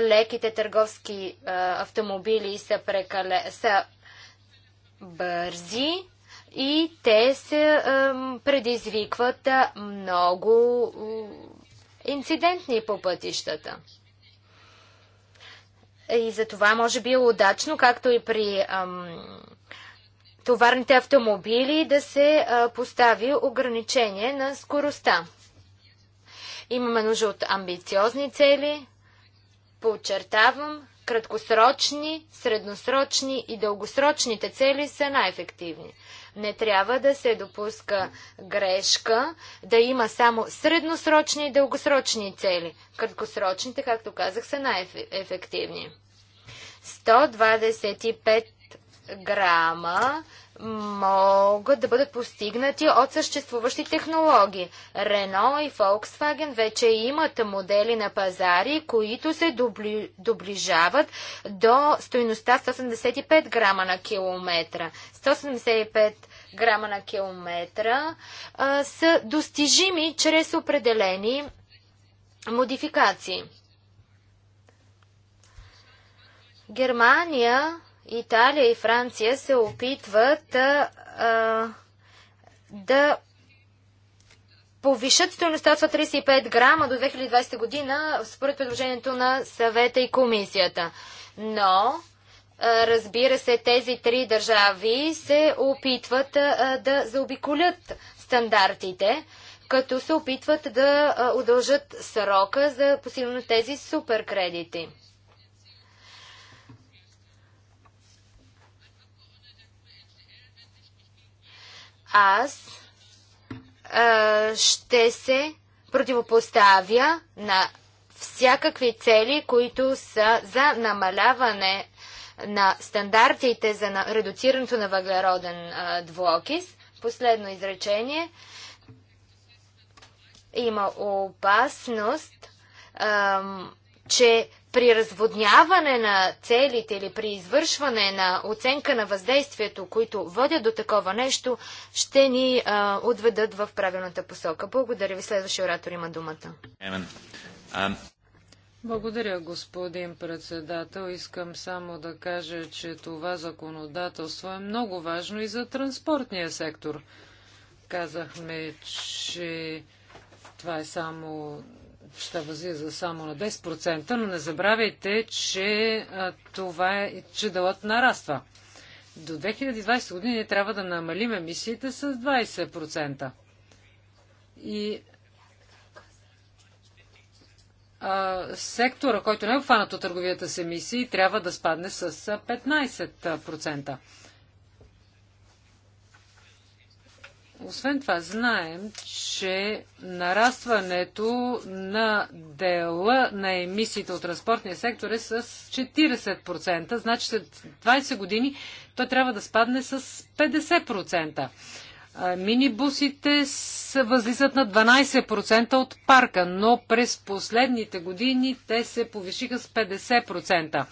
Леките търговски а, автомобили са, прекале, са бързи и те се а, предизвикват много инцидентни по пътищата. И за това може би е удачно, както и при ам, товарните автомобили да се постави ограничение на скоростта. Имаме нужда от амбициозни цели, подчертавам, краткосрочни, средносрочни и дългосрочните цели са най-ефективни. Не трябва да се допуска грешка, да има само средносрочни и дългосрочни цели. Краткосрочните, както казах, са най-ефективни. 125 грама могат да бъдат постигнати от съществуващи технологии. Рено и Volkswagen вече имат модели на пазари, които се добли, доближават до стоеността 175 грама на километра. 175 грама на километра а, са достижими чрез определени модификации. Германия Италия и Франция се опитват а, а, да повишат стоеността от 35 грама до 2020 година, според предложението на съвета и комисията. Но, а, разбира се, тези три държави се опитват а, да заобиколят стандартите, като се опитват да а, удължат срока за посилно тези суперкредити. аз а, ще се противопоставя на всякакви цели, които са за намаляване на стандартите за на... редуцирането на въглероден а, двуокис. Последно изречение. Има опасност, а, че при разводняване на целите или при извършване на оценка на въздействието, които водят до такова нещо, ще ни а, отведат в правилната посока. Благодаря ви. Следващия оратор има думата. Благодаря, господин председател. Искам само да кажа, че това законодателство е много важно и за транспортния сектор. Казахме, че това е само ще възлиза само на 10%, но не забравяйте, че, това е, че дълът нараства. До 2020 години трябва да намалим емисиите с 20%. И а, сектора, който не е обхванат от търговията с емисии, трябва да спадне с 15%. Освен това, знаем, че нарастването на дела на емисиите от транспортния сектор е с 40%. Значи след 20 години той трябва да спадне с 50%. Минибусите възлизат на 12% от парка, но през последните години те се повишиха с 50%.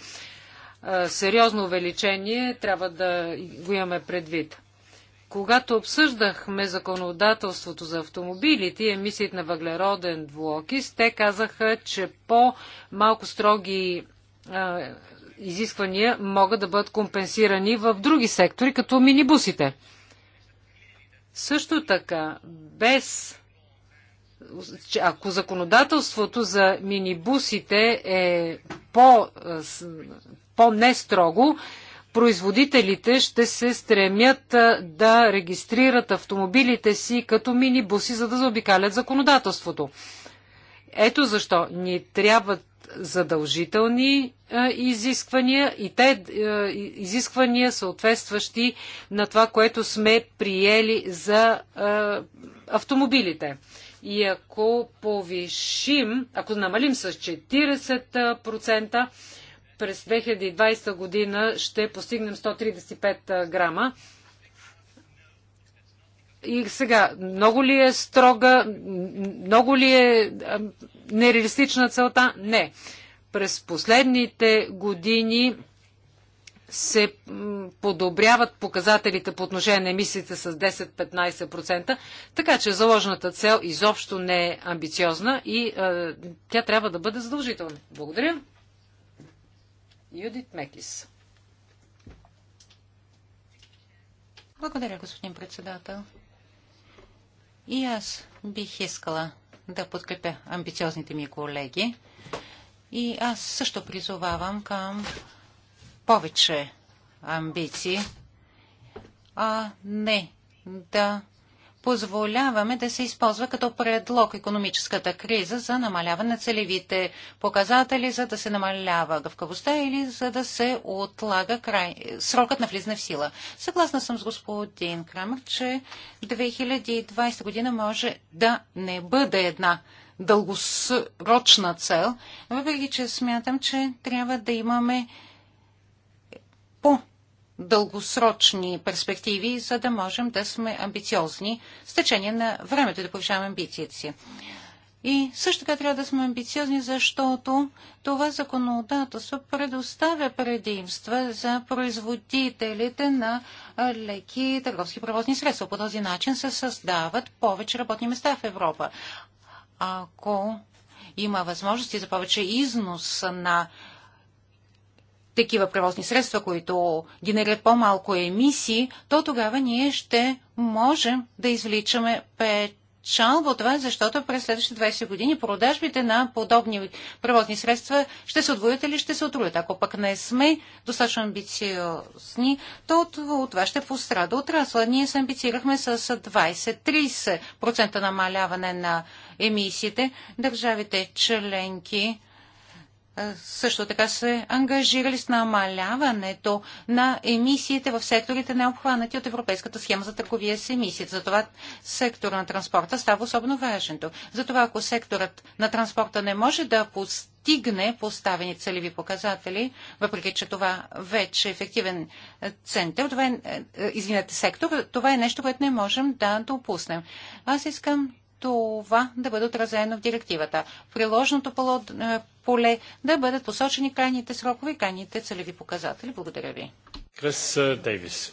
Сериозно увеличение трябва да го имаме предвид. Когато обсъждахме законодателството за автомобилите и емисиите на въглероден двуокис, те казаха, че по-малко строги а, изисквания могат да бъдат компенсирани в други сектори, като минибусите. Също така, без ако законодателството за минибусите е по, по производителите ще се стремят да регистрират автомобилите си като минибуси, за да заобикалят законодателството. Ето защо ни трябват задължителни изисквания и те изисквания съответстващи на това, което сме приели за автомобилите. И ако повишим, ако намалим с 40%, през 2020 година ще постигнем 135 грама. И сега, много ли е строга, много ли е нереалистична целта? Не. През последните години се подобряват показателите по отношение на емисиите с 10-15%, така че заложената цел изобщо не е амбициозна и тя трябва да бъде задължителна. Благодаря. Юдит Мекис. Благодаря, господин председател. И аз бих искала да подкрепя амбициозните ми колеги. И аз също призовавам към повече амбиции, а не да позволяваме да се използва като предлог економическата криза за намаляване на целевите показатели, за да се намалява гъвкавостта или за да се отлага край... срокът на влизане в сила. Съгласна съм с господин Крамер, че 2020 година може да не бъде една дългосрочна цел, въпреки че смятам, че трябва да имаме по дългосрочни перспективи, за да можем да сме амбициозни с течение на времето и да повишаваме амбициите си. И също така трябва да сме амбициозни, защото това законодателство предоставя предимства за производителите на леки търговски превозни средства. По този начин се създават повече работни места в Европа. Ако има възможности за повече износ на такива превозни средства, които генерират по-малко емисии, то тогава ние ще можем да извличаме печалба от това, защото през следващите 20 години продажбите на подобни превозни средства ще се отвоят или ще се отруят. Ако пък не сме достатъчно амбициозни, то от, това ще пострада отрасла. Ние се амбицирахме с 20-30% намаляване на емисиите. Държавите членки също така се ангажирали с намаляването на емисиите в секторите, не обхванати от Европейската схема за търговия с емисиите. Затова сектор на транспорта става особено важен. Затова ако секторът на транспорта не може да постигне поставени целеви показатели, въпреки че това вече е ефективен е, център, това е, е, е, извинете, сектор, това е нещо, което не можем да допуснем. Аз искам това да бъде отразено в директивата. В приложното е, поле да бъдат посочени крайните срокове и крайните целеви показатели. Благодаря ви. Крис е, Дейвис.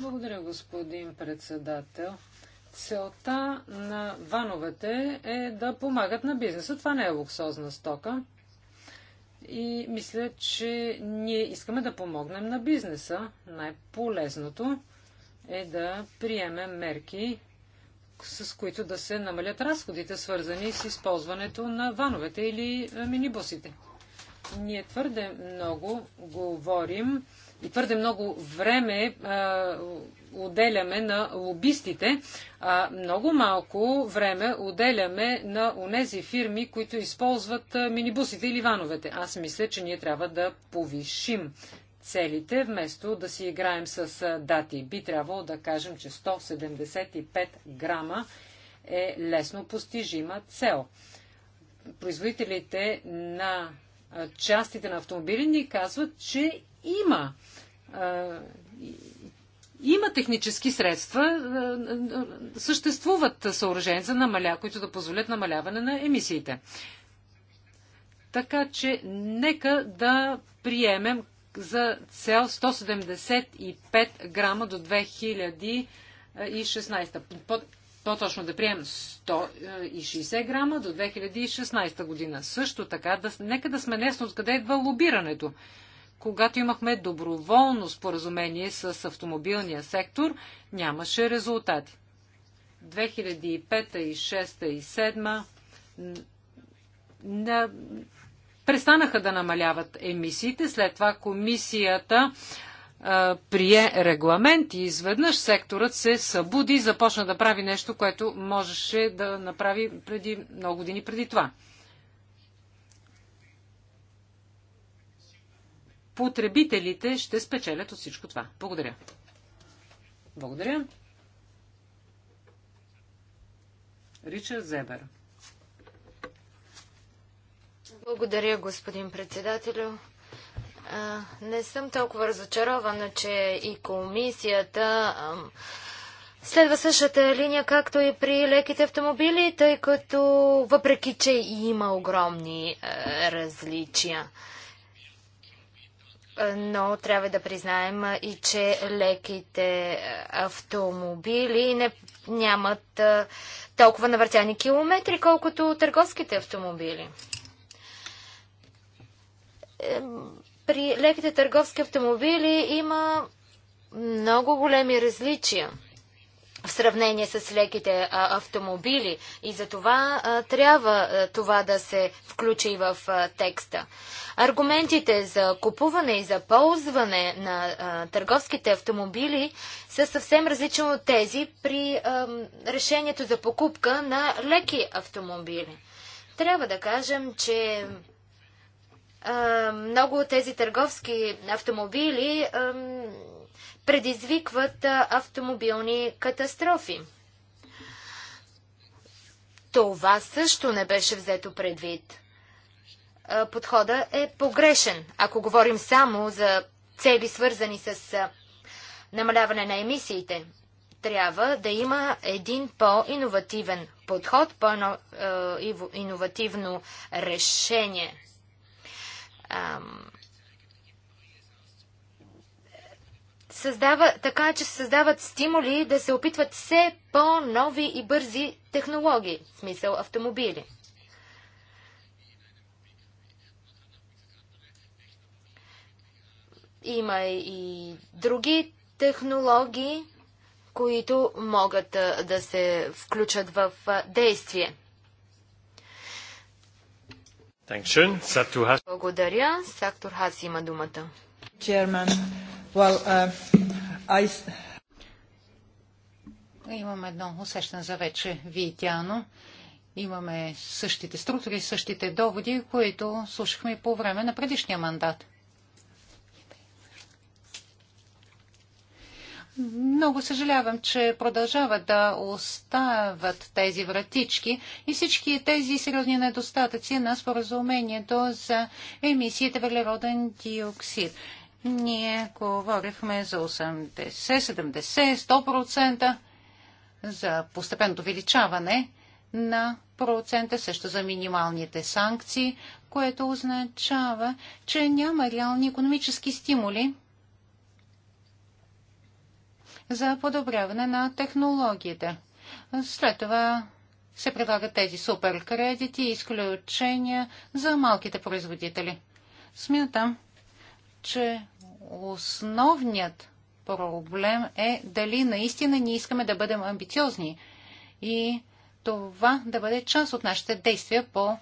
Благодаря, господин председател. Целта на вановете е да помагат на бизнеса. Това не е луксозна стока. И мисля, че ние искаме да помогнем на бизнеса. Най-полезното е да приемем мерки, с които да се намалят разходите, свързани с използването на вановете или е, минибусите. Ние твърде много говорим и твърде много време а, е, отделяме на лобистите, а много малко време отделяме на онези фирми, които използват е, минибусите или вановете. Аз мисля, че ние трябва да повишим целите, вместо да си играем с дати. Би трябвало да кажем, че 175 грама е лесно постижима цел. Производителите на частите на автомобили ни казват, че има има технически средства, съществуват съоръжения за намаля, които да позволят намаляване на емисиите. Така че нека да приемем за цел 175 грама до 2016. По-точно да приемем 160 грама до 2016 година. Също така, да, нека да сме несни откъде идва лобирането. Когато имахме доброволно споразумение с автомобилния сектор, нямаше резултати. 2005 и 2006 и 2007 на престанаха да намаляват емисиите. След това комисията прие регламент и изведнъж секторът се събуди и започна да прави нещо, което можеше да направи преди много години преди това. Потребителите ще спечелят от всичко това. Благодаря. Благодаря. Ричард Зебер. Благодаря, господин председателю. не съм толкова разочарована, че и комисията следва същата линия, както и при леките автомобили, тъй като въпреки, че има огромни е, различия. Но трябва да признаем и, че леките автомобили не, нямат е, толкова навъртяни километри, колкото търговските автомобили при леките търговски автомобили има много големи различия в сравнение с леките а, автомобили и за това а, трябва а, това да се включи в а, текста. Аргументите за купуване и за ползване на а, търговските автомобили са съвсем различни от тези при а, решението за покупка на леки автомобили. Трябва да кажем, че много от тези търговски автомобили предизвикват автомобилни катастрофи. Това също не беше взето предвид. Подхода е погрешен, ако говорим само за цели свързани с намаляване на емисиите. Трябва да има един по-инновативен подход, по-инновативно решение – ам, създава, така че се създават стимули да се опитват все по-нови и бързи технологии, в смисъл автомобили. Има и други технологии, които могат да се включат в действие. Благодаря. Сактор Хас има думата. Well, uh, I... Имам едно усещане за вече видяно. Имаме същите структури, същите доводи, които слушахме по време на предишния мандат. Много съжалявам, че продължават да остават тези вратички и всички тези сериозни недостатъци на споразумението за емисиите въглероден диоксид. Ние говорихме за 80, 70, 100% за постепенното увеличаване на процента, също за минималните санкции, което означава, че няма реални економически стимули за подобряване на технологията. След това се предлагат тези суперкредити и изключения за малките производители. Смятам, че основният проблем е дали наистина ние искаме да бъдем амбициозни и това да бъде част от нашите действия по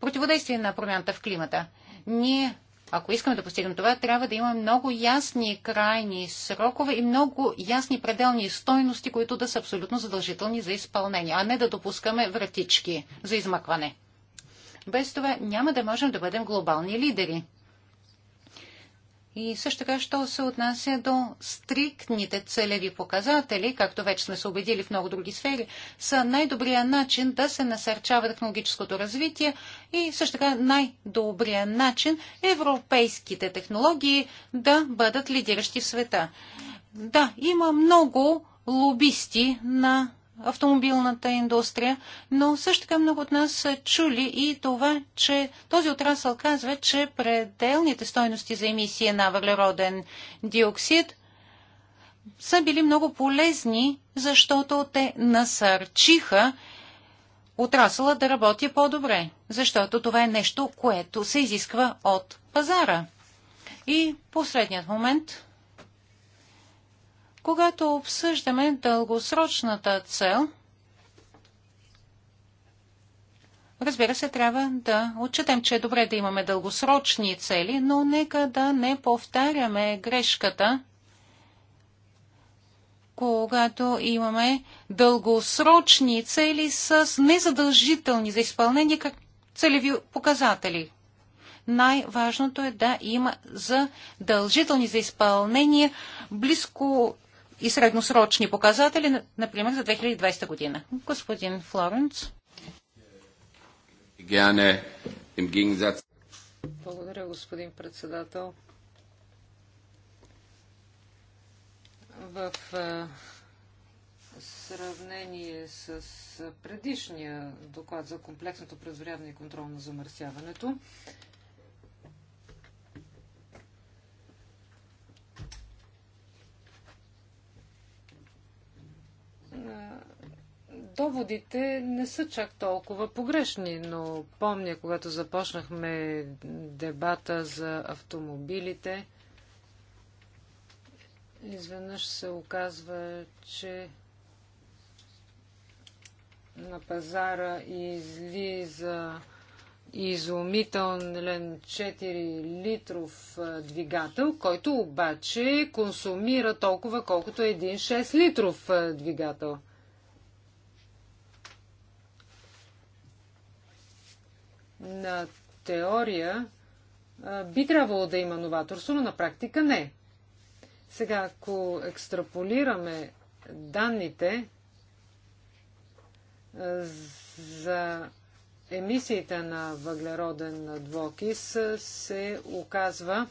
противодействие на промяната в климата. Ние ако искаме да постигнем това, трябва да имаме много ясни крайни срокове и много ясни пределни стойности, които да са абсолютно задължителни за изпълнение, а не да допускаме вратички за измъкване. Без това няма да можем да бъдем глобални лидери. И също така, що се отнася до стриктните целеви показатели, както вече сме се убедили в много други сфери, са най-добрия начин да се насърчава технологическото развитие и също така най-добрия начин европейските технологии да бъдат лидиращи в света. Да, има много лобисти на автомобилната индустрия, но също така много от нас са чули и това, че този отрасъл казва, че пределните стойности за емисия на въглероден диоксид са били много полезни, защото те насърчиха отрасъла да работи по-добре, защото това е нещо, което се изисква от пазара. И последният момент – когато обсъждаме дългосрочната цел, разбира се, трябва да отчетем, че е добре да имаме дългосрочни цели, но нека да не повтаряме грешката, когато имаме дългосрочни цели с незадължителни за изпълнение как целеви показатели. Най-важното е да има задължителни за изпълнение близко и средносрочни показатели, например, за 2020 година. Господин Флоренц. Благодаря, господин председател. В сравнение с предишния доклад за комплексното предваряване и контрол на замърсяването, доводите не са чак толкова погрешни, но помня, когато започнахме дебата за автомобилите, изведнъж се оказва, че на пазара излиза изумителен 4-литров двигател, който обаче консумира толкова, колкото е един 6-литров двигател. На теория би трябвало да има новаторство, но на практика не. Сега, ако екстраполираме данните за емисиите на въглероден двокис се оказва,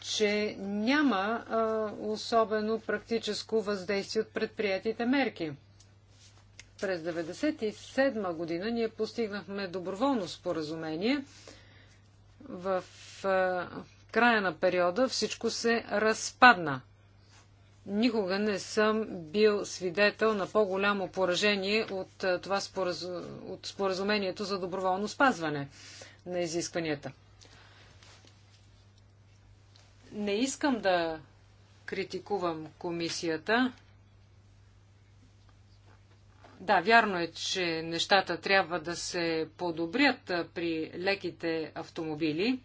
че няма а, особено практическо въздействие от предприятите мерки. През 1997 година ние постигнахме доброволно споразумение. В а, края на периода всичко се разпадна никога не съм бил свидетел на по-голямо поражение от, това споразу... от споразумението за доброволно спазване на изискванията. Не искам да критикувам комисията. Да, вярно е, че нещата трябва да се подобрят при леките автомобили.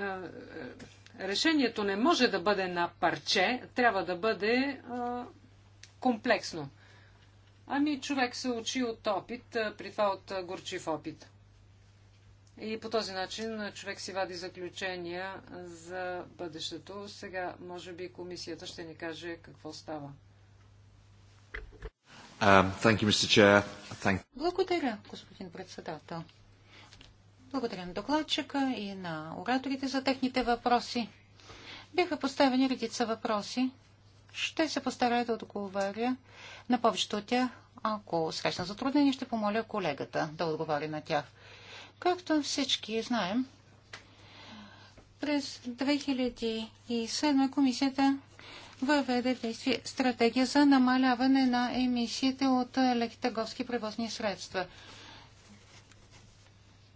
Е, е, решението не може да бъде на парче, трябва да бъде е, комплексно. Ами човек се учи от опит, при това от горчив опит. И по този начин човек си вади заключения за бъдещето. Сега, може би, комисията ще ни каже какво става. Um, you, Thank... Благодаря, господин председател. Благодаря на докладчика и на ораторите за техните въпроси. Бяха поставени редица въпроси. Ще се постарая да отговаря на повечето от тях. Ако срещна затруднение, ще помоля колегата да отговори на тях. Както всички знаем, през 2007 комисията въведе в действие стратегия за намаляване на емисиите от леки превозни средства –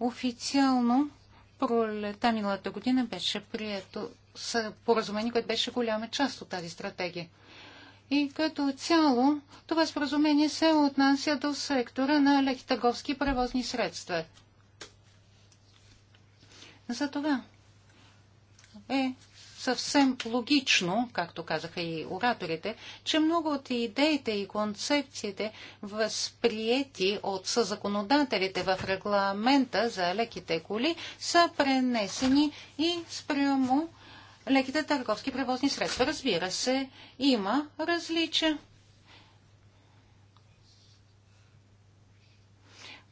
Официално пролета миналата година беше прието споразумение, което беше голяма част от тази стратегия. И като цяло това споразумение се отнася до сектора на леки търговски превозни средства. Затова е съвсем логично, както казаха и ораторите, че много от идеите и концепциите, възприяти от съзаконодателите в регламента за леките коли, са пренесени и спрямо леките търговски превозни средства. Разбира се, има различия.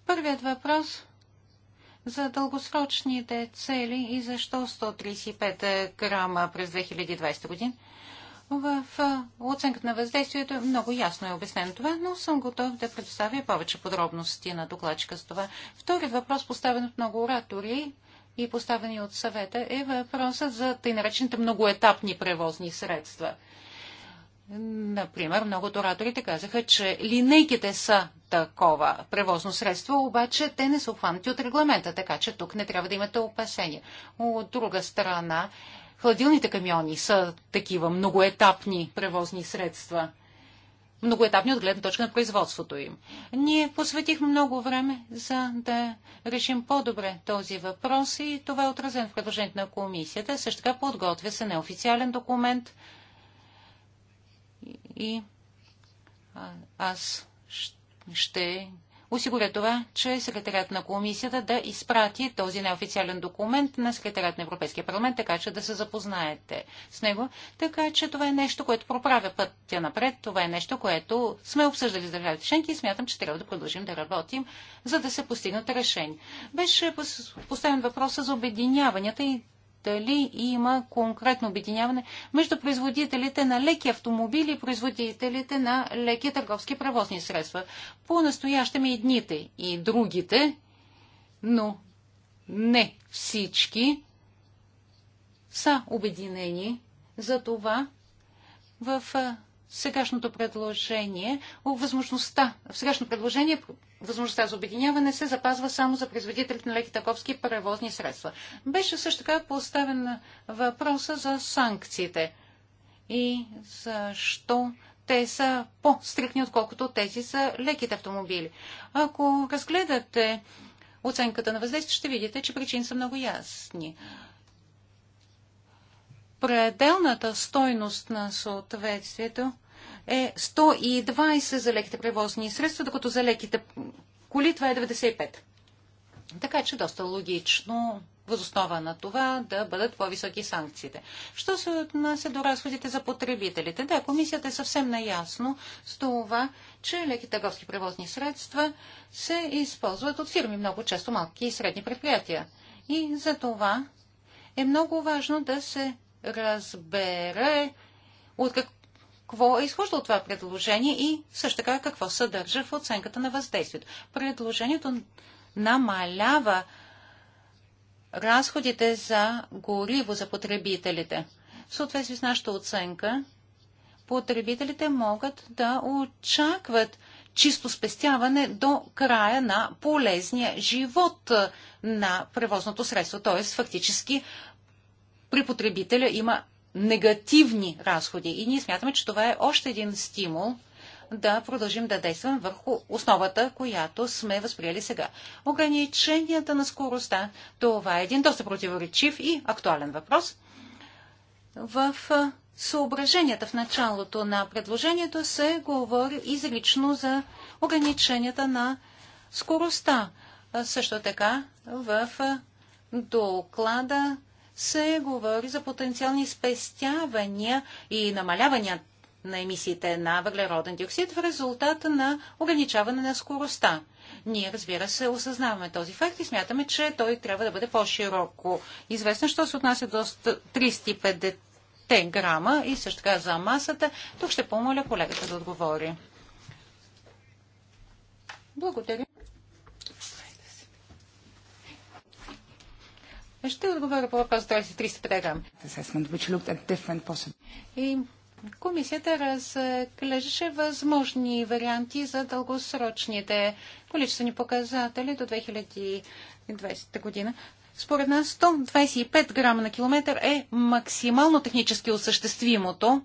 Първият въпрос за дългосрочните цели и защо 135 е, грама през 2020 година. В оценката на въздействието е много ясно е обяснено това, но съм готов да предоставя повече подробности на докладчика с това. Вторият въпрос, поставен от много оратори и поставени от съвета, е въпросът за тъй наречените многоетапни превозни средства – Например, много от ораторите казаха, че линейките са такова превозно средство, обаче те не са обхванати от регламента, така че тук не трябва да имате опасения. От друга страна, хладилните камиони са такива многоетапни превозни средства. Многоетапни от гледна точка на производството им. Ние посветихме много време за да решим по-добре този въпрос и това е отразен в предложението на комисията. Също така подготвя се неофициален документ и аз ще осигуря това, че секретарят на комисията да изпрати този неофициален документ на секретарят на Европейския парламент, така че да се запознаете с него. Така че това е нещо, което проправя пътя напред. Това е нещо, което сме обсъждали с държавите членки и смятам, че трябва да продължим да работим, за да се постигнат решения. Беше поставен въпроса за обединяванията и дали има конкретно обединяване между производителите на леки автомобили и производителите на леки търговски превозни средства. По-настоящем и едните и другите, но не всички са обединени за това в сегашното предложение, възможността, в сегашното предложение възможността за обединяване се запазва само за производителите на леки таковски превозни средства. Беше също така поставен въпроса за санкциите и защо те са по-стрикни, отколкото тези за леките автомобили. Ако разгледате оценката на въздействие, ще видите, че причини са много ясни. Пределната стойност на съответствието – е 120 за леките превозни средства, докато за леките коли това е 95. Така че доста логично възоснова на това да бъдат по-високи санкциите. Що се отнася до разходите за потребителите? Да, комисията е съвсем наясно с това, че леки търговски превозни средства се използват от фирми, много често малки и средни предприятия. И за това е много важно да се разбере от какво какво е изхожда от това предложение и също така какво съдържа в оценката на въздействието. Предложението намалява разходите за гориво за потребителите. В съответствие с нашата оценка, потребителите могат да очакват чисто спестяване до края на полезния живот на превозното средство. Т.е. фактически при потребителя има негативни разходи. И ние смятаме, че това е още един стимул да продължим да действам върху основата, която сме възприели сега. Ограниченията на скоростта, това е един доста противоречив и актуален въпрос. В съображенията в началото на предложението се говори изрично за ограниченията на скоростта. Също така в доклада се говори за потенциални спестявания и намалявания на емисиите на въглероден диоксид в резултат на ограничаване на скоростта. Ние, разбира се, осъзнаваме този факт и смятаме, че той трябва да бъде по-широко известен, що се отнася до 350 грама и също така за масата. Тук ще помоля колегата да отговори. Благодаря. Ще отговоря по въпрос 23 грама. И комисията разглеждаше възможни варианти за дългосрочните количествени показатели до 2020 година. Според нас 125 грама на километър е максимално технически осъществимото.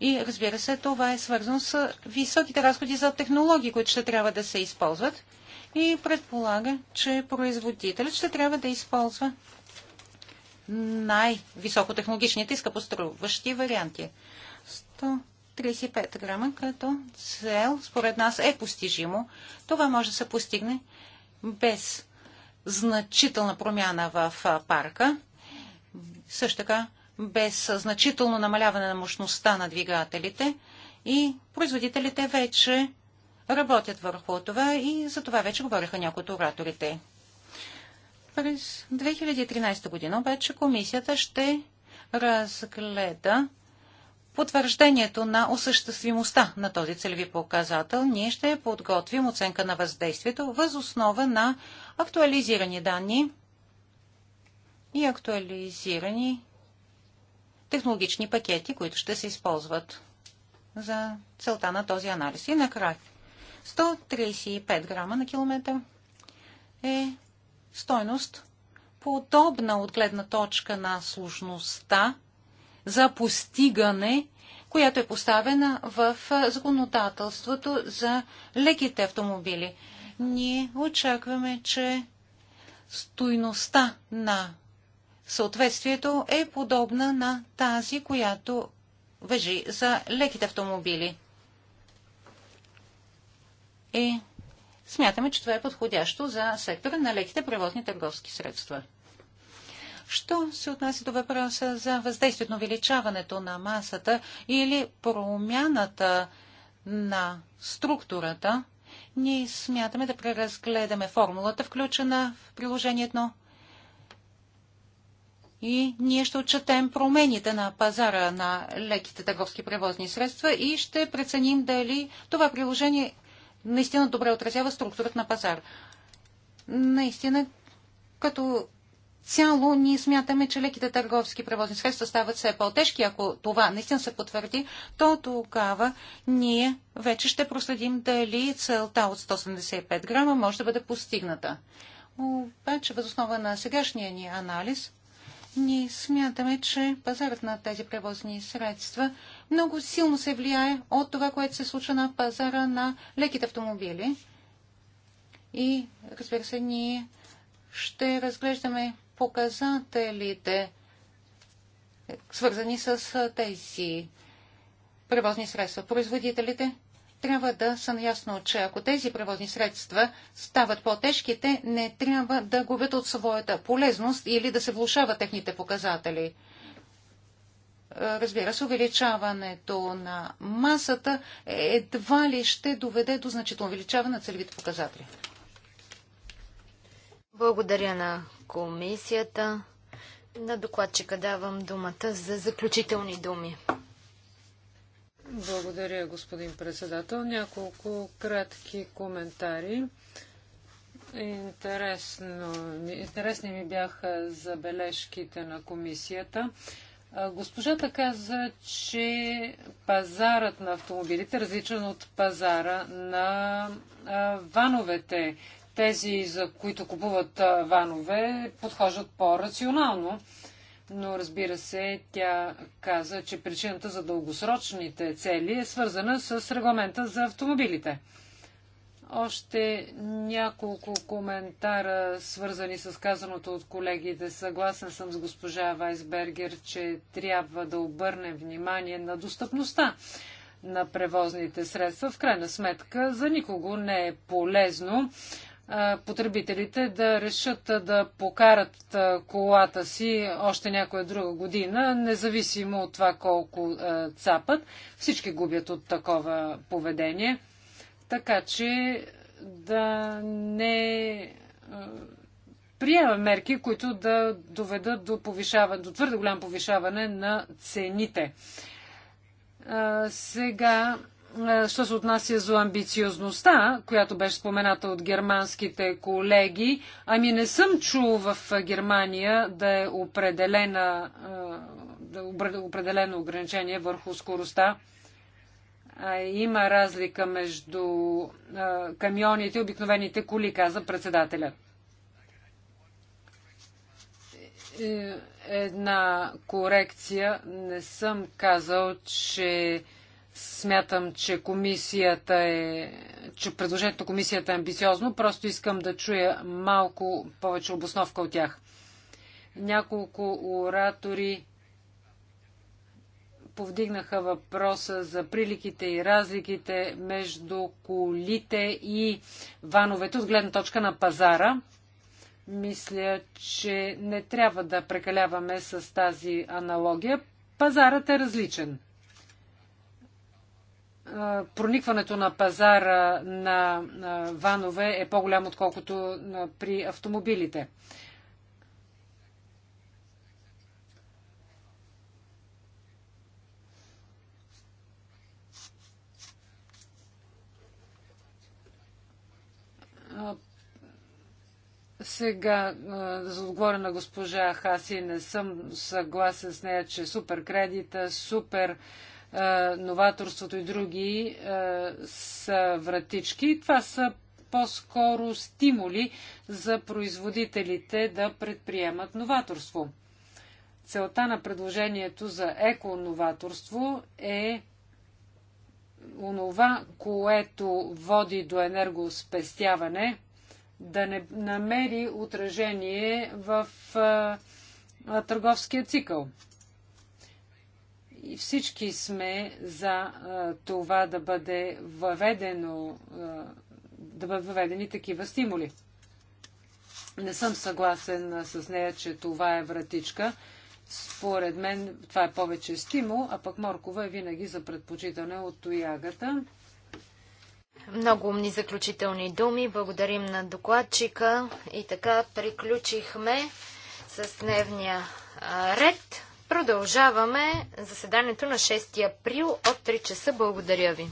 И разбира се, това е свързано с високите разходи за технологии, които ще трябва да се използват и предполага, че производителят ще трябва да използва най-високотехнологичните и скъпоструващи варианти. 135 грама като цел според нас е постижимо. Това може да се постигне без значителна промяна в парка. Също така без значително намаляване на мощността на двигателите и производителите вече работят върху това и за това вече говориха някои от ораторите. През 2013 година обаче комисията ще разгледа потвърждението на осъществимостта на този целеви показател. Ние ще подготвим оценка на въздействието въз основа на актуализирани данни и актуализирани технологични пакети, които ще се използват за целта на този анализ. И накрая 135 грама на километър е стойност подобна от гледна точка на сложността за постигане, която е поставена в законодателството за леките автомобили. Ние очакваме, че стойността на съответствието е подобна на тази, която въжи за леките автомобили и смятаме, че това е подходящо за сектора на леките превозни търговски средства. Що се отнася до въпроса за въздействието на увеличаването на масата или промяната на структурата, ние смятаме да преразгледаме формулата, включена в приложението И ние ще отчетем промените на пазара на леките търговски превозни средства и ще преценим дали това приложение наистина добре отразява структурата на пазар. Наистина, като цяло ние смятаме, че леките търговски превозни средства стават все по-тежки. Ако това наистина се потвърди, то тогава ние вече ще проследим дали целта от 175 грама може да бъде постигната. Обаче, възоснова на сегашния ни анализ, ние смятаме, че пазарът на тези превозни средства много силно се влияе от това, което се случва на пазара на леките автомобили. И, разбира се, ние ще разглеждаме показателите, свързани с тези превозни средства. Производителите трябва да са наясно, че ако тези превозни средства стават по-тежки, те не трябва да губят от своята полезност или да се влушават техните показатели. Е, разбира се, увеличаването на масата едва ли ще доведе до значително увеличаване на целевите показатели. Благодаря на комисията. На докладчика давам думата за заключителни думи. Благодаря, господин председател. Няколко кратки коментари. Интересно, интересни ми бяха забележките на комисията. Госпожата каза, че пазарът на автомобилите е различен от пазара на вановете. Тези, за които купуват ванове, подхождат по-рационално. Но разбира се, тя каза, че причината за дългосрочните цели е свързана с регламента за автомобилите. Още няколко коментара, свързани с казаното от колегите. Съгласен съм с госпожа Вайсбергер, че трябва да обърнем внимание на достъпността на превозните средства. В крайна сметка, за никого не е полезно потребителите да решат да покарат колата си още някоя друга година, независимо от това колко цапат. Всички губят от такова поведение така че да не приема мерки, които да доведат до, до твърде голямо повишаване на цените. Сега, що се отнася за амбициозността, която беше спомената от германските колеги, ами не съм чул в Германия да е определена, да е определено ограничение върху скоростта има разлика между камионите и обикновените коли, каза председателя. Е, една корекция. Не съм казал, че смятам, че комисията е, че предложението комисията е амбициозно, просто искам да чуя малко повече обосновка от тях. Няколко оратори повдигнаха въпроса за приликите и разликите между колите и вановете от гледна точка на пазара. Мисля, че не трябва да прекаляваме с тази аналогия. Пазарът е различен. Проникването на пазара на ванове е по-голям, отколкото при автомобилите. Сега, за отговоря на госпожа Хаси, не съм съгласен с нея, че суперкредита, супер новаторството и други са вратички. Това са по-скоро стимули за производителите да предприемат новаторство. Целта на предложението за еконоваторство е онова, което води до енергоспестяване – да не намери отражение в а, а, търговския цикъл. И всички сме за а, това да бъде въведено, да бъдат въведени такива стимули. Не съм съгласен с нея, че това е вратичка. Според мен това е повече стимул, а пък моркова е винаги за предпочитане от тоягата. Много умни заключителни думи. Благодарим на докладчика. И така приключихме с дневния ред. Продължаваме заседанието на 6 април от 3 часа. Благодаря ви.